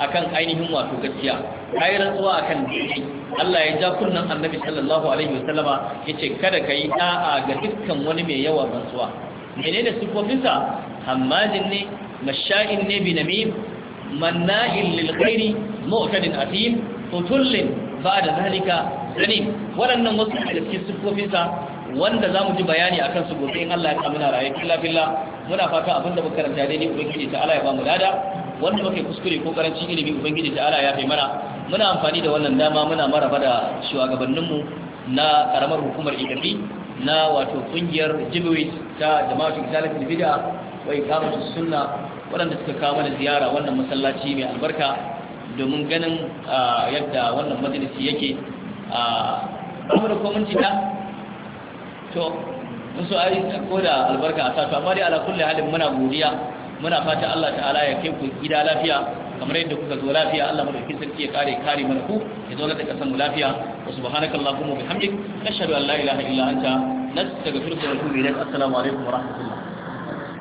akan ainihin wato gaskiya kai rantsuwa akan daidai Allah ya ja kunnan annabi sallallahu alaihi wasallama yace kada kai da'a ga dukkan wani mai yawa rantsuwa menene sufofinsa, hammajin ne masha'in ne bi namim manna'in lil khairi mu'tadin atim utullin ba'da zalika zanim waɗannan wasu da cikin sufofinsa wanda zamu ji bayani akan su gobe in Allah ya kamuna raye killa billah muna fata abinda muka karanta daidai ubangiji ta Allah ya ba mu lada wanda muke kuskure ko karanci ilimi ubangiji ta Allah ya kai mana muna amfani da wannan dama muna maraba da shugabanninmu na karamar hukumar ikafi na wato kungiyar jibuit ta jama'atu izalatul bid'a wa iqamatu sunna waɗanda suka kawo mana ziyara wannan masallaci mai albarka domin ganin yadda wannan majalisi yake kuma da komanci ta to musu ai ko da albarka a sato amma dai ala kulli halin muna godiya muna fata Allah ta'ala ya kai ku gida lafiya kamar yadda kuka zo lafiya Allah madaukakin sarki ya kare kare mana ku ya zo da kasan mu lafiya wa subhanakallahumma wa bihamdik nashhadu an la ilaha illa anta nastaghfiruka wa natubu ilaik assalamu alaikum wa rahmatullah